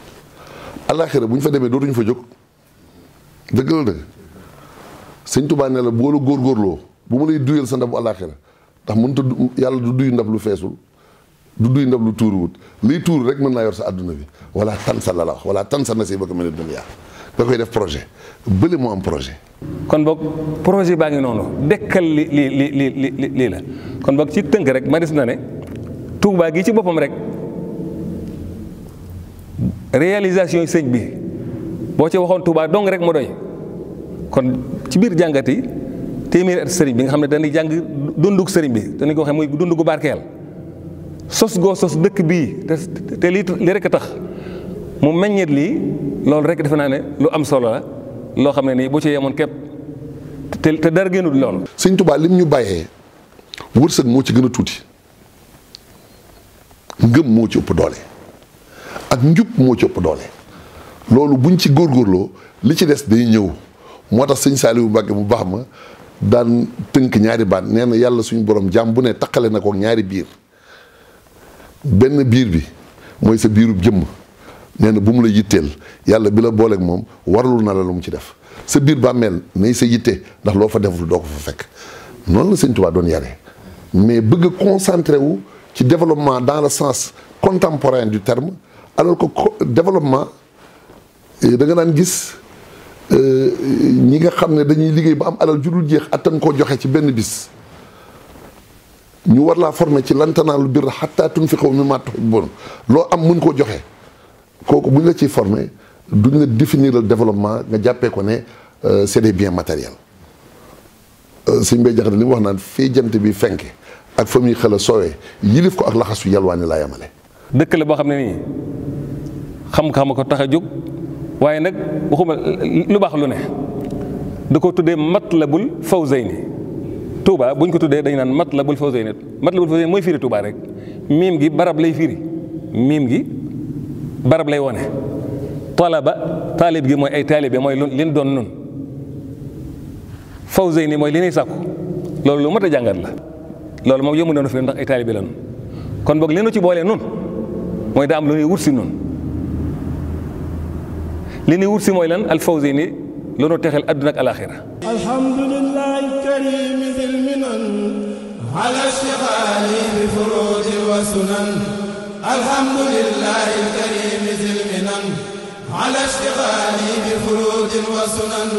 àllaaxira bu ñu fa demee dootuñu fa jóg. dëgg la de sëñ Tuubaa ne la boo la bu mu lay duyal sa ndabu àllaaxira ndax mënut a yàlla du duy ndab lu feesul du duy ndab lu tuuruwut liy tuuru rek mën naa yor sa àdduna bi wala tan sa la la wax wala tan sa na si ba ko mel ne duniyaa nga koy def projet bële moo am projet. kon boog projet baa ngi noonu dekkal li li li lii la kon boog ci tënk rek ma des na ne Touba gi ci boppam rek réalisation sëñ bi boo ci waxoon Touba dong rek mu kon ci biir jàngat yi téeméeri at sëriñ bi nga xam ne dañuy jàng dundug sëriñ bi dañu ko waxee muy dund gu barkeel sos goo sos dëkk bii te te lii li rek tax mu meññeet lii loolu rek defe naa ne lu am solo la loo xam ne nii boo ci yemoon képp te dara génnul loolu. sëñ Tuubaa lim ñu bàyyee wërsëg moo ci gën a tuuti ngëm moo ci ëpp doole ak njub moo ci ëpp doole loolu buñ ci góor góorloo li ci des day ñëw. moo tax sëñ bu Mbacke bu baax ma daan tënk ñaari baat nee na yàlla suñu boroom jàmm bu ne taqale na ko ñaari biir benn biir bi mooy sa biiru jëmm nee bu mu la yitteel yàlla bi la booleek moom warlu na la lu mu ci def sa biir bàmmeel nay sa yitte ndax loo fa deful doo ko fa fekk noonu la sëñ Tuubaa doon yare mais bëgg a concentré wu ci développement dans le sens contemporain du terme alors que développement eh, danga daan gis ñi nga xam ne dañuy liggéey ba am alal ju dul jeex attan koo joxe ci benn bis ñu war laa former ci lan tanaalu birra hattaa tunfiqu mimmaa tuhibbuun loo am mun koo joxe kooku bu ñu la ciy former duñ la définir le développement nga jàppee ko ne euh, c'est des biens matériels. Euh, suñ bay jaxate li mu wax naan fii jant bi fenke ak fa muy xel soowee yilif ko ak laxasu yalwaani laa yamale dëkk boo xam ne nii xam-xam ko tax a jóg waaye nag waxuma lu baax lu ne da ko tuddee matlabul fawzayni Touba buñ ko tuddee dañ naan matlabul fawzayni matlabul fawzayni mooy firi Touba rek miim gi barab lay firi miim gi barab lay wone talaba taalib gi mooy ay taalibe mooy li ñu doon nun fawzayni mooy li ñuy loolu lu mat a jàngat la loolu moom yomb na nu fi ndax ay taalibe la nun kon boog li ci boolee nun mooy daa am lu ñuy wut nun li ni wut si mooy lan alfawzini la noo texeel àdduna ak alaaxira alhamdulillahi alkarimi dil minan ala ishtighali bi furuji wa sunan alhamdulillahi alkarimi dil minan ala ishtighali bi furuji wa sunan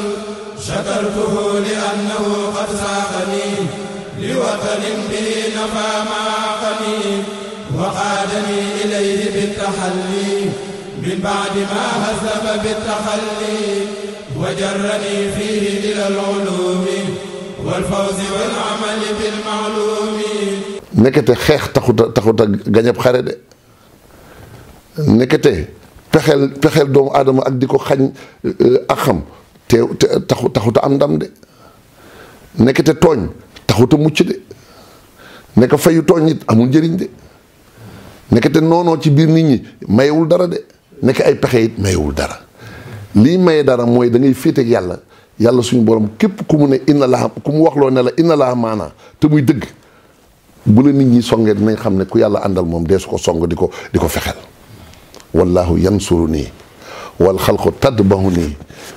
shakartuhu li annahu qad saaqani li watanin bihi nafa maaqani wa qaadani ilayhi bit tahalli من بعد ما هزم بالتخلي وجرني فيه إلى العلوم والفوز والعمل بالمعلوم nekkete xeex taxut a taxut a gañab xare de nekkete pexeel doomu aadama ak di ko xañ euh, ak xam te taxu taxut am ndam de nekkete tooñ taxut a mucc de nekk fayu tooñ it amul njëriñ de nekkete noonoo ci biir nit ñi mayewul dara de nekk ay pexe it mayewul dara lii maye dara mooy da ngay féete yàlla yàlla suñu borom képp ku mu ne inna laa ku mu wax loo ne la inna laa maanaa te muy dëgg bu la nit ñi songee dinañ xam ne ku yàlla àndal moom dee su ko song di ko di ko fexel wallahu yansuru nii wal xalqu tadbahu nii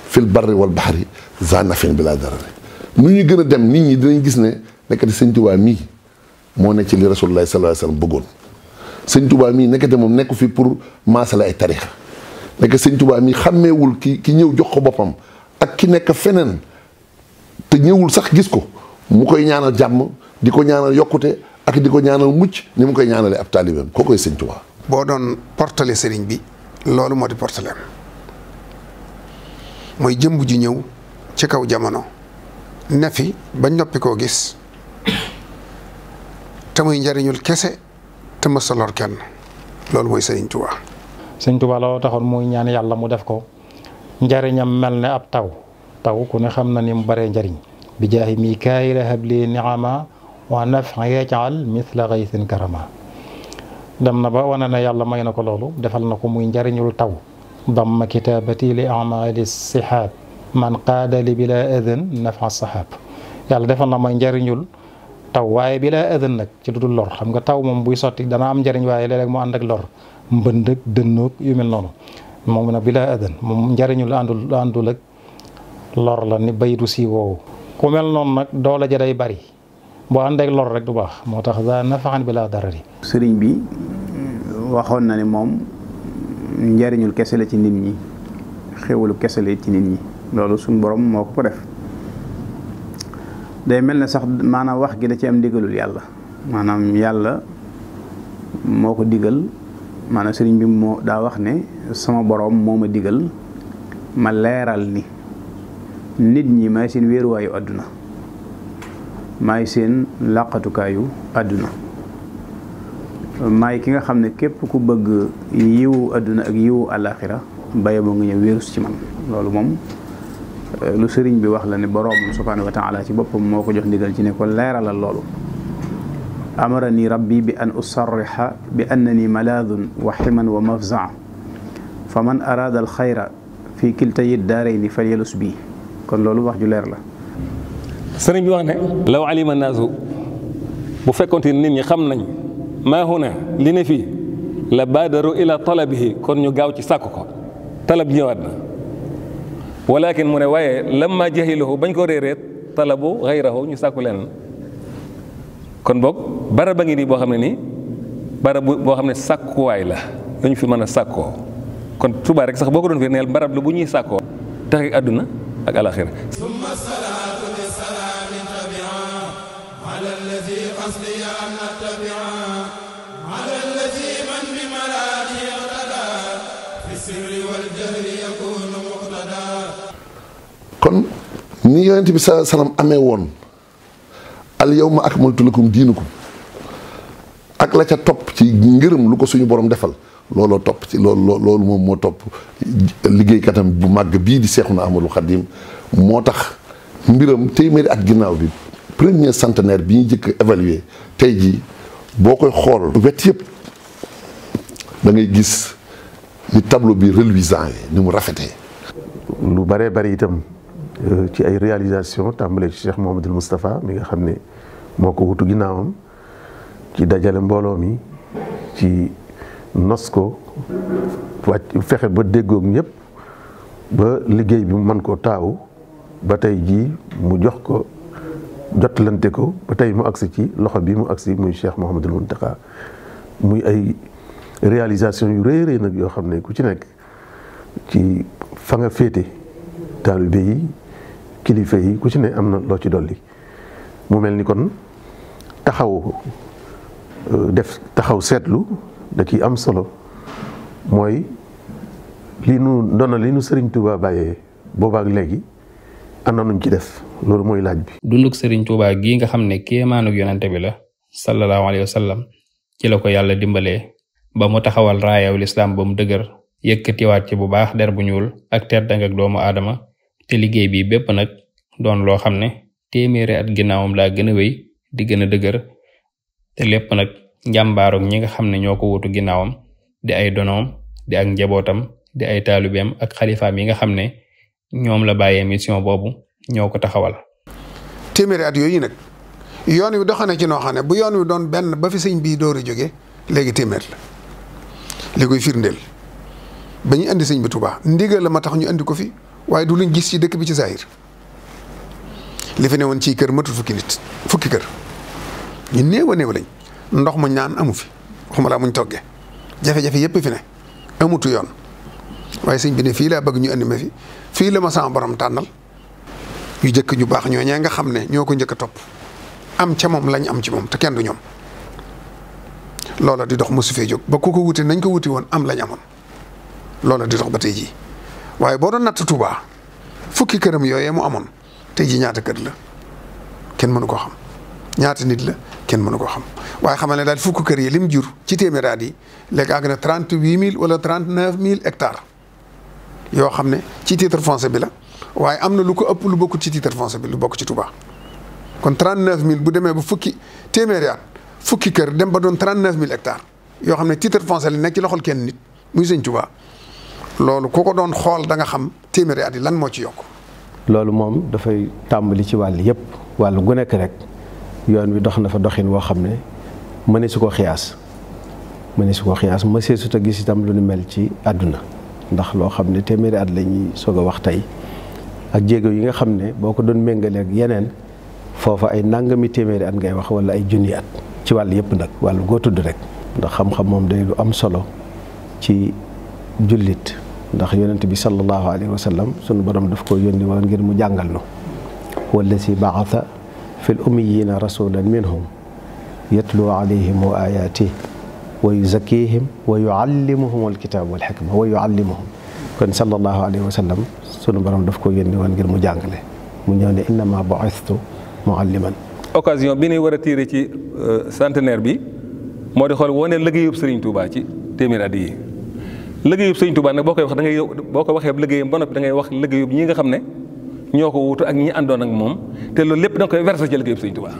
fil barri wal baxri zanafin bi laa dara nu ñu gën a dem nit ñi dinañ gis ne nekkati sëñ Tuubaa mii moo ne ci li rasulullahi sallallahu alayhi bëggoon sëñ tubaa mii nekkate moom nekku fi pour la ay tarixa nekk sëñ tubaa mii xàmmeewul ki ki ñëw jox ko boppam ak ki nekk feneen te ñëwul sax gis ko mu koy ñaanal jàmm di ko ñaanal yokkute ak di ko ñaanal mucc ni mu koy ñaanalee ab taalibeem koo koy sëñ Touba. boo doon portale sëriñ bi loolu moo di portaleem mooy jëmb ji ñëw ci kaw jamono ne fi ba noppi koo gis te muy njariñul kese. te mës a lor kenn loolu mooy Serigne Touba. Serigne Touba looloo taxoon muy ñaan yàlla mu def ko njariñam mel ne ab taw taw ku ne xam na ni mu baree njariñ bi jaahi li habli niama wa naf yajaal mithla ghaythin karama dem na ba wane ne yàlla may na ko loolu defal na ko muy njariñul taw damma kitaabati li amali sihaab man qaada li bila adan nafa sahaab yàlla defal na may njariñul taw waaye bi laa ëddan nag ci lu dul lor xam nga taw moom buy sotti dana am njëriñ waaye léeg moo mu ànd ak lor mbënd ak dënnoog yu mel noonu moom nag bi moom njëriñu la àndul la la ni bay si woowu ku mel noonu nag doole ja bari boo ànd ak rek du baax moo tax daa nafaxan bi laa dara di sëriñ bi waxoon na ne moom njëriñul kese la ci nit ñi xéwalu kese la ci nit ñi loolu suñu borom moo ko def day mel ne sax maanaam wax gi da ci am ndigalul yàlla maanaam yàlla moo ko digal maanaam sëriñ bi moo daa wax ne sama boroom moo ma digal ma leeral ni nit ñi maay seen wéeruwaayu àdduna maay seen làqatukaayu àdduna maay ki nga xam ne képp ku bëgg yiwu àdduna ak yiwu àllaaxira bayabo nga ñëw wéerus ci man loolu moom lu sëriñ bi wax la ne boroom subhaanahu wa taala ci boppam moo ko jox ndigal ci ne ko leeralal loolu amarani rabbi bi an usarrixa bi annani malaadun wa mafzaa fa man araada al xayra fii kiltayi daarayni falyalus bi kon loolu wax ju leer la sëriñ bi wax ne law alima naasu bu fekkonte nit ñi xam nañ maa huna li ne fii la baadaru ila talabihi kon ñu gaaw ci sàkk ko talab ñëwaat na walakin mu ne waaye lamma jahiluhu bañ koo ko réeréet talabu xayrahu ñu sàkku leneen kon boog barab ba ngi nii boo xam ne nii barab boo xam ne sàkkuwaay la lu fi mën a sàkkoo kon Tuubaa rek sax boo ko doon fi neel barab la bu ñuy sàkkoo taxi àdduna ak alaxira ni yonent bi sa salaam amee woon al yawma akmaltu lakum diinukum ak la ca topp ci ngërëm lu ko suñu borom defal looloo topp ci loolu moom moo topp liggéeykatam bu màgg bii di Seexuna Ahmadul Xadim moo tax mbiram téeméeri ak ginnaaw bi premier centenaire bi ñu jëkk évaluer tey jii boo koy xool wet yépp dangay gis ni tableau bi reluisant yi ni mu rafetee. lu baree bari itam. Euh, ci ay réalisation tàmbale ci Cheikh Mouhamadul Moustapha mi nga xam ne moo ko wutu ginnaawam ci dajale mbooloo mi ci nos ko wàcc fexe ba déggoog yépp ba liggéey bi mu mën koo taawu ba tey jii mu jox ko jotlante ko ba tey mu agsi ci loxo bi mu agsi muy Cheikh Mouhamadul Mountakha muy ay réalisation yu rëy rëy nag yoo xam ne ku ci nekk ci fa nga féete taalibe yi kilifa yi ku ci ne am na loo ci dolli mu mel ni kon taxaw euh, def taxaw seetlu da ciy am solo mooy lii nu ndono li nu Serigne Touba bàyyee boobaak léegi na nuñ ci def loolu mooy laaj bi. dunduk Serigne Touba gii nga xam ne kéemaanug yonante bi la sallallahu alayhi wa ci la ko yàlla dimbalee ba mu taxawal raayaw lislaam ba mu dëgër yëkkatiwaat ci bu baax der bu ñuul ak tedd ak doomu aadama. te liggéey bi bépp nag doon loo xam ne téeméeri at ginnaawam laa gën a wéy di gën a dëgër te lépp nag njàmbaarug ñi nga xam ne ñoo ko wutu ginnaawam di ay donoom di ak njabootam di ay taalibeem ak xalifaam yi nga xam ne ñoom la bàyyee mission boobu ñoo ko taxawal. téeméeri at yooyu nag yoon wi doxane ci noo xam ne bu yoon wi doon benn ba fi sëñ bii door a jóge léegi téeméer la li koy firndeel ba ñu indi sëñ bi Tuubaa ndigal la ma tax ñu indi ko fi. waaye du luñ gis ci dëkk bi ci Zahir li fi newoon ci kër matul fukki nit fukki kër ñu néew néew lañ ndox mu naan amu fi waxuma laa muñ toggee jafe-jafe yëpp fi ne amutu yoon waaye sëñ bi ne fii laa bëgg ñu andi ma fi fii la ma sama borom tànnal yu jëkk ñu baax ñoo ñee nga xam ne ñoo ko njëkk a topp am ca moom lañ am ci moom te kenn du ñoom loola di dox mosu fee jóg ba ku ko wuti nañ ko wuti woon am lañ amoon loola di dox ba tey jii. waaye boo doon natt tubaa fukki këram yooyee mu amoon te ji ñaata kër la kenn mënu ko xam ñaata nit la kenn mënu ko xam waaye xamal ne daal fukki kër yi lim jur ci téeméeraat yi léegi àgg na trente huit mille wala trente neuf mille hectares yoo xam ne ci titre foncier bi la waaye am na lu ko ëpp lu bokk ci titre foncier bi lu bokk ci Touba kon trente neuf mille bu demee ba fukki téeméeri at fukki kër dem ba doon trente mille hectares yoo xam ne titre foncier la nekk ci loxol kenn nit muy sëñ Touba. loolu ku ko doon xool danga xam téeméeri at yi lan moo ci yokk. loolu moom dafay tàmbali ci wàll yépp wàllu gu nekk rek yoon wi dox na fa doxin woo xam ne mënee su ko xiyaas mënee su ko xiyaas mësee su ta gis itam lu nu mel ci àdduna ndax loo xam ne téeméeri at la ñuy soog a wax tey ak jéego yi nga xam ne boo ko doon méngaleeg yeneen foofa ay nangami téeméeri at ngay wax wala ay junni at ci wàll yépp nag wàllu goo tudd rek ndax xam-xam moom day lu am solo ci jullit. ndax yonent bi sallallahu alayhi wa sallam sunu borom daf ko yónni woon ngir mu jàngal nu wallazi baatha fi l ummiyina rasulan minhum yatlu alayhim wa ayatih wa yuzakkihim wa yuallimuhum alkitaab wal xikma wa yuallimuhum kon sallallahu alayhi wa sunu borom daf ko yónni woon mu jàngale mu ñëw ne innama bu'istu mualliman occasion bi ñuy war a tiire ci euh, centenaire bi moo di xool wone liggéeyub Sëriñ ci téeméer at yi liggéeyub sëñ Tuubaa nag boo koy wax da ngay boo ko waxee liggéeyam ba noppi da ngay wax liggéeyub ñi nga xam ne ñoo ko wutu ak ñi àndoon ak moom te loolu lépp da nga koy versé ci liggéeyub sëñ Tuubaa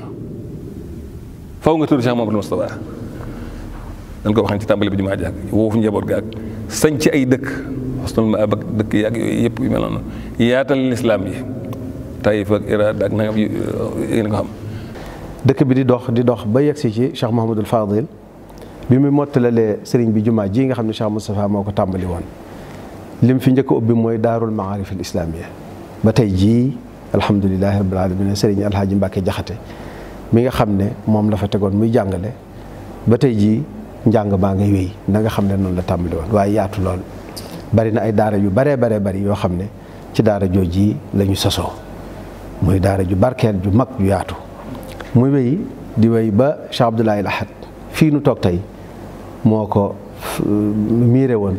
faw nga tudd Cheikh Mamadou Moustapha dañ ko waxan ci tàmbali bi jumaa ji ak woofu njaboot ga ak sañ ci ay dëkk xosnul ma dëkk yi ak yëpp yu mel noonu yaatal lislaam yi Taïf ak Iraad ak nangam yi nga dëkk bi di dox di dox ba yegsi ci Cheikh Mahamadul Fadil bi mu mottalalee sëriñ bi jumaa ji nga xam ne Cheikh Moustapha moo ko tàmbali woon lim fi njëkk ubbi mooy daarul maarif al islamiya ba tey jii alhamdulilahi rabbil alamin sëriñ alhaaji Mbàkke jaxate mi nga xam ne moom la fa tegoon muy jàngale ba tey jii njàng baa nga wéy na nga xam ne noonu la tàmbali woon waaye yaatu lool bari na ay daara yu baree baree bari yoo xam ne ci daara jooju yi la ñu sosoo muy daara ju barkeel ju mag ju yaatu muy wéy di wey ba Cheikh Abdoulaye Lahad fii nu toog tey moo ko euh, miire woon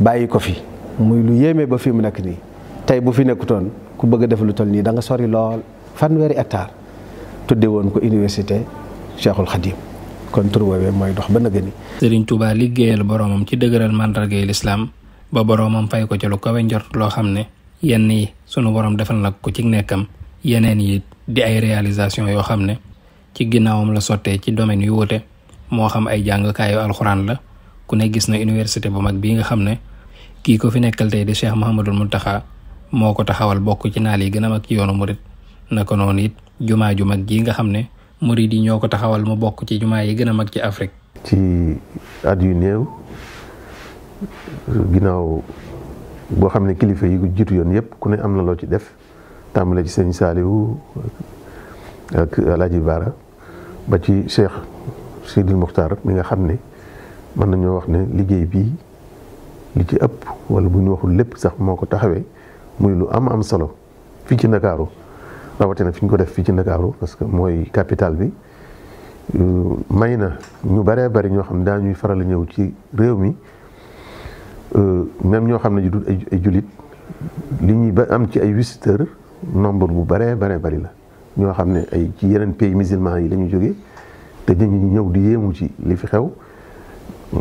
bàyyi ko fi muy lu yéeme ba fi mu nekk nii tey bu fi nekkutoon ku bëgg a def lu toll nii danga sori lool fanweeri hectare tudde woon ko université Cheikhul Khadim kon tur mooy dox ba nëgë ni Serigne Touba liggéeyal boromam ci dëgëral màndargay lislaam ba boromam fay ko ci lu kawe loo xam ne yenn yi sunu woroom defal nag ko ci nekkam yeneen yi di ay réalisation yoo xam ne ci ginnaawam la sottee ci domaine yu wuute moo xam ay jàngkaayu alxuraan la ku ne gis na université bu mag bii nga xam ne kii ko fi nekkal tey di Cheikh mu taxa moo ko taxawal bokk ci naal yi gën a mag ci yoonu murit naka noonu it jumaa ju mag jii nga xam ne murit yi ñoo ko taxawal mu bokk ci jumaa yi gën a mag ci Afrique. ci at yu néew ginnaaw boo xam ne kilifa yi jiitu yoon yëpp ku ne am na loo ci def tàmbale ci sëñ Saaliwu ak Alaaji Baara ba ci Cheikh. Seydil Mokhtar mi nga xam ne mën nañoo wax ne liggéey bi li ci ëpp wala bu ñu waxul lépp sax moo ko taxawee muy lu am am solo fii ci Ndakaaru rawatina fi ñu ko def fii ci Ndakaaru parce que mooy capital bi euh, may na ñu bëree bari ñoo xam ne daa ñuy faral ñëw ci réew mi euh, même ñoo xam ne du ay ay jullit li ñuy ba am ci ay visiteurs nombre bu bëree bëree bari la ñoo xam ne ay ci yeneen pays musulman yi lañuy jóge te di ñi ñëw di yéemu ci li fi xew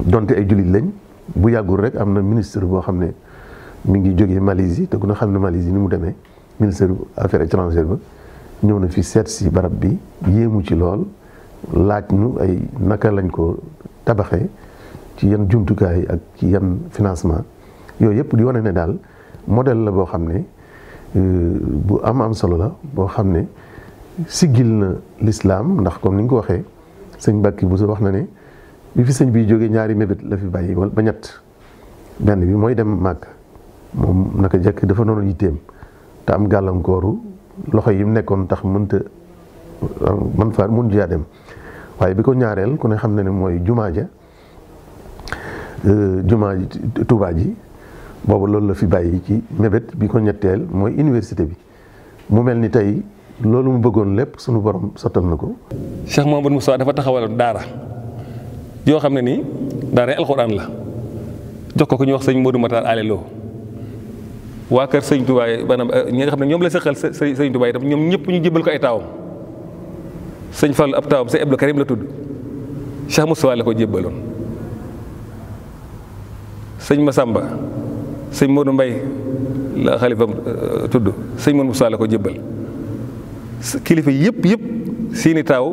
donte ay jullit lañ bu yàggul rek am na ministre boo xam ne mi ngi jóge Malaisie te ku ne xam ne Malaisie ni mu demee ministre affaires étrangères ba ñëw na fi seet si barab bi yéemu ci lool laaj ñu ay naka lañ ko tabaxe ci yan jumtukaay ak ci yan financement yooyu yëpp di wane ne daal modèle la boo xam ne euh, bu am am solo la boo xam ne siggil na lislaam ndax comme ni nga ko waxee sëñ Mbàkke Buso wax na ni bi fi sëñ bi jógee ñaari mébét la fi bàyyi wala ba ñett benn bi mooy dem màgg moom naka jekk dafa noonu yitteem te am gàllankooru loxo yi mu nekkoon tax mënta man fa mun jaa dem waaye bi ko ñaareel ku ne xam na ne mooy jumaa ja euh, jumaa ji Tuubaa ji boobu loolu la fi bàyyi ci mébét bi ko ñetteel mooy université bi mu mel ni tey loolu mu bëggoon lépp sunu borom sottal na ko. Cheikh Mouhamadou Moustapha dafa taxawaloon daara yoo xam ne nii daara alxuraan la jox ko ko ñuy wax sëñ Modou Matar Allé Lo waa kër sëñ Touba maanaam eh, ñi xam ne ñoom la sëqal sëñ sëñ Touba itam ñoom ñëpp ñu jébal ko ay taawam sëñ fal ab taawam sëñ Abdou Karim la tudd Cheikh Moustapha la ko jébbaloon sëñ Massamba sëñ Modou Mbaye la xalifam eh, tudd sëñ Modou Moustapha la ko jëbbal kilifa yëpp yëpp seeni taaw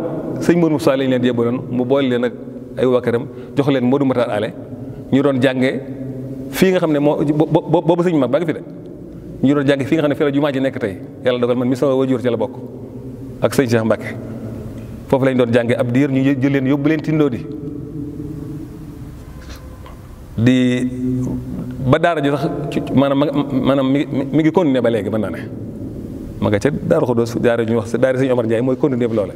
sëñ Modou Moussa lañ leen yebaloon mu boole leen ak ay wakaram jox leen Modou Matar ale ñu doon jàngee fii nga xam ne moo boobu sëñ mag fi de ñu doon jàngee fii nga xam ne fii la jumaa ji nekk tey yàlla dogal man mi sama waajur ci la bokk ak sëñ Cheikh Mbacke foofu lañ doon jànge ab diir ñu jël leen yóbbu leen tindoo di di ba daara ji sax maanaam mi ngi continuer ba léegi man naa ne ma nga ca Daaru daara ñu wax daara sëñ Omar Ndiaye mooy continuer loola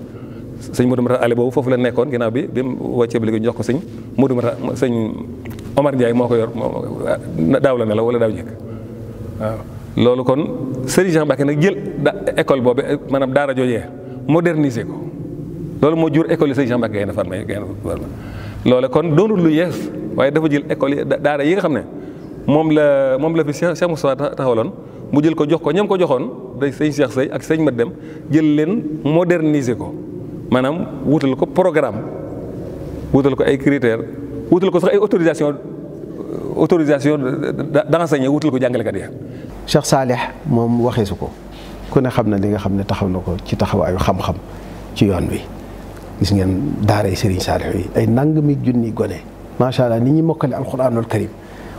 sëñ Modou Mata boobu foofu la nekkoon ginnaaw bi bi mu wàccee bi ñu jox ko sëñ moo ko yor daaw la ne la wala daaw kon Serigne Jean nag jël da école boobu maanaam daara joojee moderniser loolu moo jur école yi Serigne Jean Mbacké Gaïndé kon doonul lu dafa jël école yi yi nga xam ne moom la moom la fi Cheikh Moustapha taxawaloon mu jël ko jox ko ñam ko joxoon day sëñ Cheikh Seye ak sëñ ma dem jël leen moderniser ko maanaam wutal ko programme wutal ko ay critères wutal ko sax ay autorisation autorisation d'enseigner wutal ko jàngalekat ya Cheikh Salih moom waxee waxeesu ko ku ne xam na li nga xam ne taxaw na ko ci taxawaayu xam-xam ci yoon wi gis ngeen daaray Serigne Salih yi ay nangami junni gone macha allah ni ñuy mokkale alquranul karim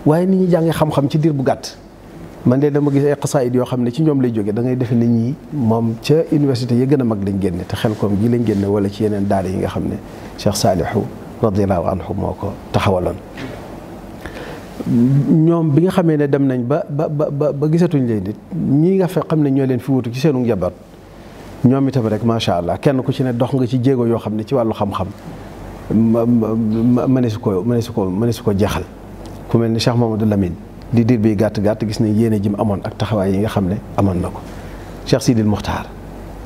waaye ni ñuy jàngee xam-xam ci diir bu gàtt. man de ma gis ay xasaayit yoo xam ne ci ñoom lay jóge dangay ngay defe ne ñii moom ca université ya gën a mag lañ génne te xel koom gii lañ génne wala ci yeneen daara yi nga xam ne Cheikh Saalihu radiallahu anhu moo ko taxawaloon ñoom bi nga xamee ne dem nañ ba ba ba gisatuñ leen nit ñi nga fe xam ne ñoo leen fi ci seenu njaboot ñoom itam rek macha allah kenn ku ci dox nga ci jéego yoo xam ne ci wàllu xam-xam ma ma ma mëneesu ko mëneesu ko mëneesu ko jeexal ku mel ni Cheikh Mamadou Lamine di diir bi gàtt gàtt gis nañ yéene ji mu amoon ak taxawaay yi nga xam ne amoon na ko Cheikh Sidil Muxtaar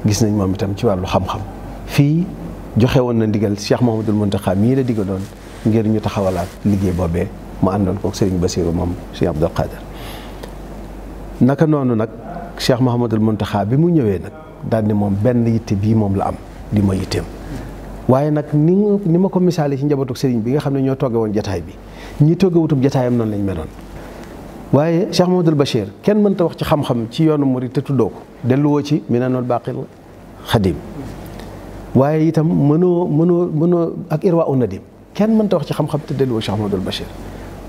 gis nañ moom itam ci wàllu xam-xam fii joxe woon na ndigal Cheikh Mouhamadul Mountakha mii la digaloon ngir ñu taxawalaat liggéey boobee mu àndoon ko Serigne Bassirou moom Cheikh Abdoul Khadir naka noonu nag Cheikh Mouhamadul Mountakha bi mu ñëwee nag daal ni moom benn yitte bii moom la am di ma yitteem waaye nag ni ni ma ko misaalee ci njabootu Serigne bi nga xam ne ñoo togge woon jataay bi ñi toggewutub jataayam noonu lañ meloon waaye Cheikh Mahmadul Bachir kenn mënta wax ci xam-xam ci yoonu murid te tuddoo ko delluwoo ci Minanul Baqil Xadim waaye itam mënoo mënoo mënoo ak Irwa un Nadim kenn mënta wax ci xam-xam te delluwoo Cheikh Mahmadul Bachir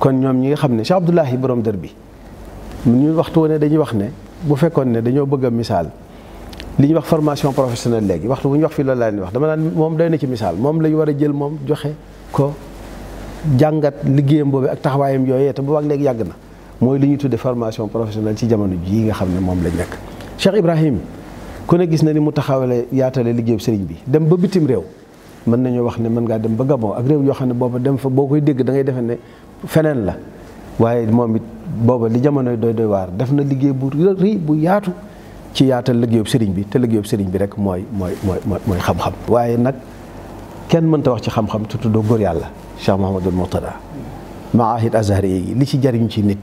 kon ñoom ñi nga xam ne Cheikh Abdoulahi borom dër bi ñu waxtu ne dañuy wax ne bu fekkoon ne dañoo bëgg a misaal li ñuy wax formation professionnelle léegi waxtu bu ñu wax fii loolu laa leen wax dama naan moom doy na ci moom la war a jël moom joxe ko jàngat liggéeyam boobu ak taxawaayam yooyee te bu baax léegi yàgg na mooy li ñuy tuddee formation professionnelle ci jamono jii nga xam ne moom lañ nekk. Cheikh Ibrahim ku ne gis na ni mu taxawale yaatale liggéeyu sëriñ bi dem ba bitim réew mën nañoo wax ne mën ngaa dem ba Gabon ak réew yoo xam ne booba dem fa boo koy dégg dangay ngay defe ne feneen la waaye moom it booba li jamonoy doy doy waar def na liggéey bu rëy bu yaatu. ci yaatal liggéeyub sëriñ bi te liggéeyub sëriñ bi rek mooy mooy mooy mooy xam-xam. waaye nag kenn mënta wax ci xam-xam te tuddoo góor yàlla Cheikh Mouhamadul Mourtada maahid azhari li ci jariñ ci nit.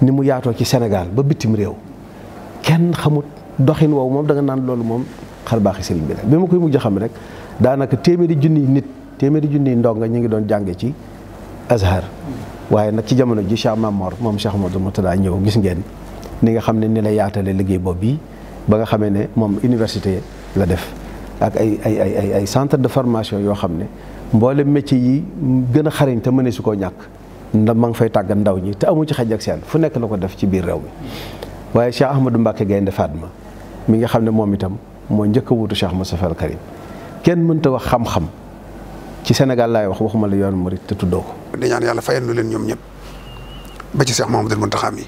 ni mu yaatoo ci Sénégal ba bitim réew kenn xamut doxin woowu moom da nga naan loolu moom xar baaxi sëriñ bi la bi ma koy mujj xam rek daanaka téeméeri junni nit téeméeri junniy ndonga ñu ngi doon jànge ci Azhar waaye nag ci jamono ji Cheikh Mamor moom Cheikh Amadou Moutada ñëw gis ngeen ni nga xam ne ni la yaatale liggéey boobu bi ba nga xamee ne moom université la def ak ay ay ay ay centre de formation yoo xam ne mboole métier yi gën a xarañ te mënee su koo ñàkk ndax ma ngi fay tàggat ndaw ñi te amul ci xaj ak seen fu nekk la ko def ci biir réew mi waaye Cheikh Ahmadou Mbacke Gaynde Fatma mi nga xam ne moom itam moo njëkk a wuutu Cheikh Moustapha al Karim kenn mënta wax xam-xam ci Sénégal laay wax waxuma la yoon murit te tuddoo yàlla fayal nu leen ñoom ñëpp ba ci Cheikh Mouhamadoul Mountakha mi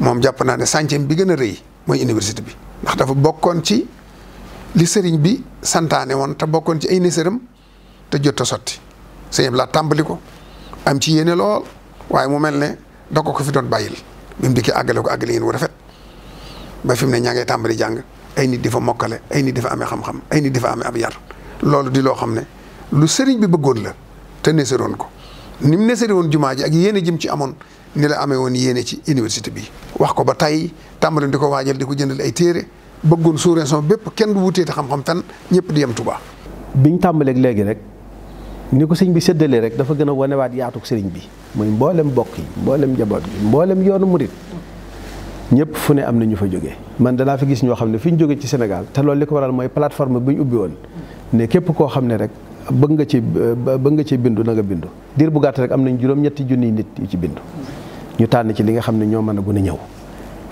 moom jàpp naa ne sànceem bi gën a rëy mooy université bi ndax dafa bokkoon ci li sëriñ bi santaane woon te bokkoon ci ay niseram te jot a sotti sëñ bi laa tàmbali ko. am ci yéene lool waaye mu mel ne da ko ko fi doon bàyyil bi mu dikkee àggale ko àggale yéen wu rafet ba fi mu ne ñaa ngay tàmbali jàng ay nit di fa mokkale ay nit di fa amee xam-xam ay nit di fa amee ab yar loolu di loo xam ne lu sëriñ bi bëggoon la te neseroon ko ni mu neseri woon jumaa ji ak yéene jim ci amoon ni la amee woon yéene ci université bi wax ko ba tey tàmbali di ko waajal di ko jëndal ay téere bëggoon suuree son bépp kenn du wutee te xam-xam ñëpp di yem Tuubaa biñ tàmbaleeg léegi rek ni ko sëñ bi séddalee rek dafa gën a wanewaat yaatuk sëriñ bi muy mboolem bokk yi mboolem njaboot gi mboolem yoonu murit ñëpp fu ne am na ñu fa jógee man danaa fa gis ñoo xam ne fi ñu jógee ci Sénégal te loolu li ko waral mooy plateforme bu ñu ubbi woon ne képp koo xam ne rek bëgg nga ci bëgg nga bindu na nga bindu diir bu gàtt rek am nañ juróom-ñetti junniy nit yu ci bindu ñu tànn ci li nga xam ne ñoo mën a gën a ñëw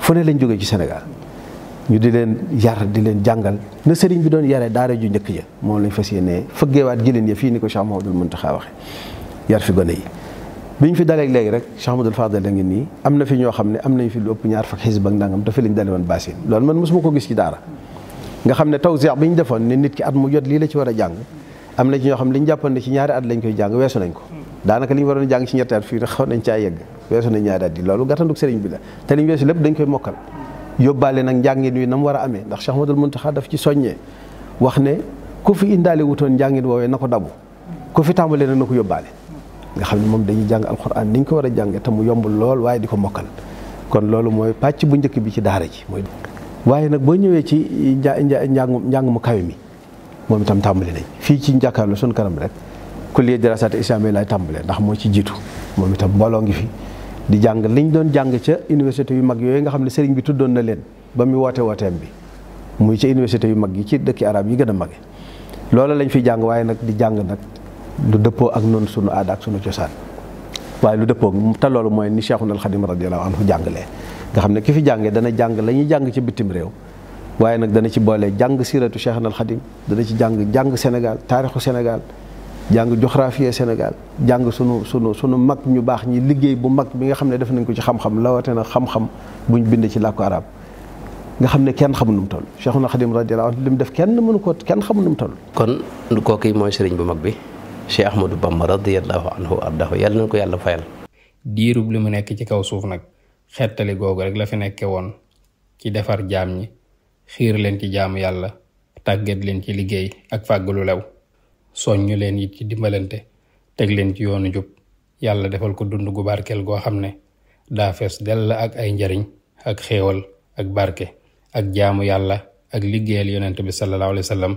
fu ne lañ jógee ci Sénégal ñu di leen yar di leen jàngal na sëriñ bi doon yaree daara ju njëkk ya moom lañ fas yéenee fëggeewaat jëleen ya fii ni ko Cheikh Mouhamadoul Mountakha waxe yar da ngi nii am na fi ñoo xam ne am nañ fi lu ëpp ñaar fak xisib ak nangam dafa lañ xam ne na ci ñoo xam ne li ñu jàppoon ne ci ñaari at lañ koy jàng weesu nañ ko daanaka li ñu waroon jàng ci ñetti at fii rek xaw nañ caa yegg weesu nañ ñaari at yi loolu gàttanduk sëriñ bi la te liñ weesu lépp dañ koy mokkal yóbbaale nag njàngin wi na mu war a amee ndax Cheikh Ahmadul Muntaxa daf ci soññee wax ne ku fi indaale wutoon njàngin woowee na ko dabu ko fi tàmbalee nag na ko yóbbaale nga xam ne moom dañuy jàng alxuraan ni ñu ko war a jàngee te mu yombul lool waaye di ko mokkal kon loolu mooy pàcc bu njëkk bi ci daara ji mooy waaye nag boo ñëwee ci njàng njàng mu kawe mi moom itam tàmbali nañ fii ci njàkkaarloo suñu kanam rek kulliya dirasaat islaamiyya lay tàmbalee ndax moo ci jiitu moom itam mbooloo ngi fi di jàng liñ doon jàng ca université yu mag yooyu nga xam ne sëriñ bi tuddoon na leen ba mu woote wooteem bi muy ca université yu mag yi ci dëkki arab yi gën a mage loola lañ fi jàng waaye nag di jàng nag lu dëppoo ak noonu sunu aada ak sunu cosaan waaye lu dëppoo te loolu mooy ni nal Cheikhul Khadim radiyallahu anhu jàngalee nga xam ne ki fi jàngee dana jàng la ñuy jàng ci bitim réew waaye nag dana ci boole jàng siiratu Cheikhul Khadim dana ci jàng jàng Sénégal taarixu Sénégal jàng joxraafiye Sénégal jàng sunu sunu sunu mag ñu baax ñi liggéey bu mag bi nga xam ne def nañ ko ci xam-xam lawate na xam-xam buñ bind ci làkk arab nga xam ne kenn xamu nu mu toll Cheikhuna Xadim def kenn mënu ko kenn xamu nu mu toll kon kooku mooy sëriñ bu mag bi Cheikh Ahmadou Bamba radiyallahu anhu ardahu yàlla nañ ko yàlla fayal diirub li mu nekk ci kaw suuf nag xettali googu rek la fi nekke woon ci defar jaam ñi xiir leen ci jaamu yàlla tàggat leen ci liggéey ak fàggalu lew soññu leen it ci dimbalante teg leen ci yoonu jub yàlla defal ko dund gu barkeel goo xam ne daa fees dell ak ay njariñ ak xéewal ak barke ak jaamu yàlla ak liggéeyal yonent bi sallallahu alayhi wa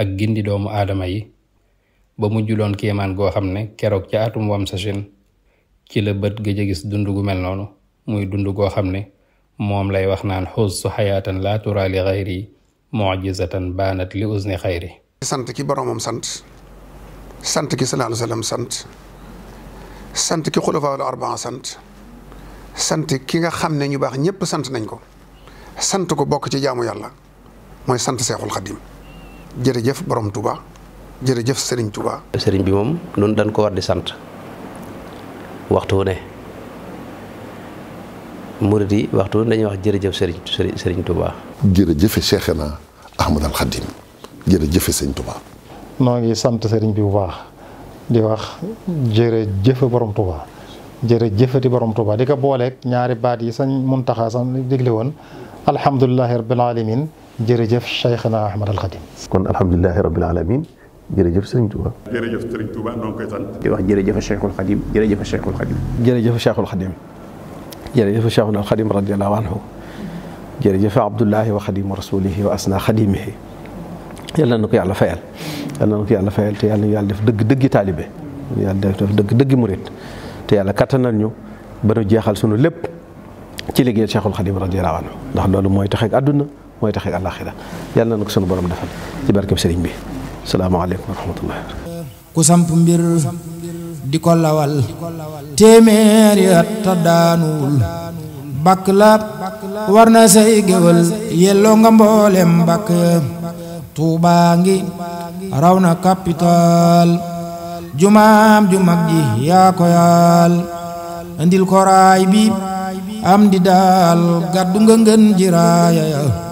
ak gindi doomu aadama yi ba mu juloon kéemaan goo xam ne keroog ca atum wam sachin ci la bët gëj a gis dund gu mel noonu muy dund goo xam ne moom lay wax naan xus su xayaatan laa turaa li xayri mujizatan baanat li usni xayri sant ci boromam sant sant ki sallallahu alayhi wa sant sant ki xulafaa sant sant ki nga xam ne ñu baax ñëpp sant nañ ko sant ko bokk ci jaamu yàlla mooy sant seexul xadim jërëjëf borom Touba jërëjëf sëriñ Touba. Serigne bi moom noonu dañ ko war di sant waxtu wu ne murid yi waxtu wu dañuy wax jërëjëf Serigne Serigne Touba. jërëjëf Cheikhna Ahmadal Xadim jërëjëf Serigne Touba. noo ngi sant sëriñ bi bu baax di wax jërëjëf borom Touba jërëjëfati borom Touba di ko booleeg ñaari baat yi sañ Muntaxa sax digle woon alhamdulilahi rabbil alamin jërëjëf Cheikhna Ahmad al Khadim kon alhamdulilahi rabbil alamin jërëjëf sëriñ Touba. jërëjëf sëriñ Touba noo ngi koy sant. di wax jërëjëf Cheikhul Khadim jërëjëf Cheikhul Khadim. jërëjëf Cheikhul Khadim jërëjëf Cheikhul Khadim radiyallahu anhu jërëjëf Abdullahi wa Khadim rasulihi wa asna xadimihi yàlla na ko yàlla fayal yàlla na ko yàlla fayal te yàlla na yàlla def dëgg dëggi taalibe yàlla def dëgg dëggi murit te yàlla kattanal ñu ba nu jeexal sunu lépp ci liggéey Cheikhul Khadim radiyallahu anhu ndax loolu mooy tax ak àdduna mooy tax ak àllaaxira yàlla na ko sunu borom defal ci barkeb sëriñ bi salaamaaleykum wa la war na say géwal yelloo nga mboolem bakk Tuubaa ngi raw na capital jumaam ju mag ji yaa ko yaal koraay ko raay bi am di daal gàddu nga ji raaya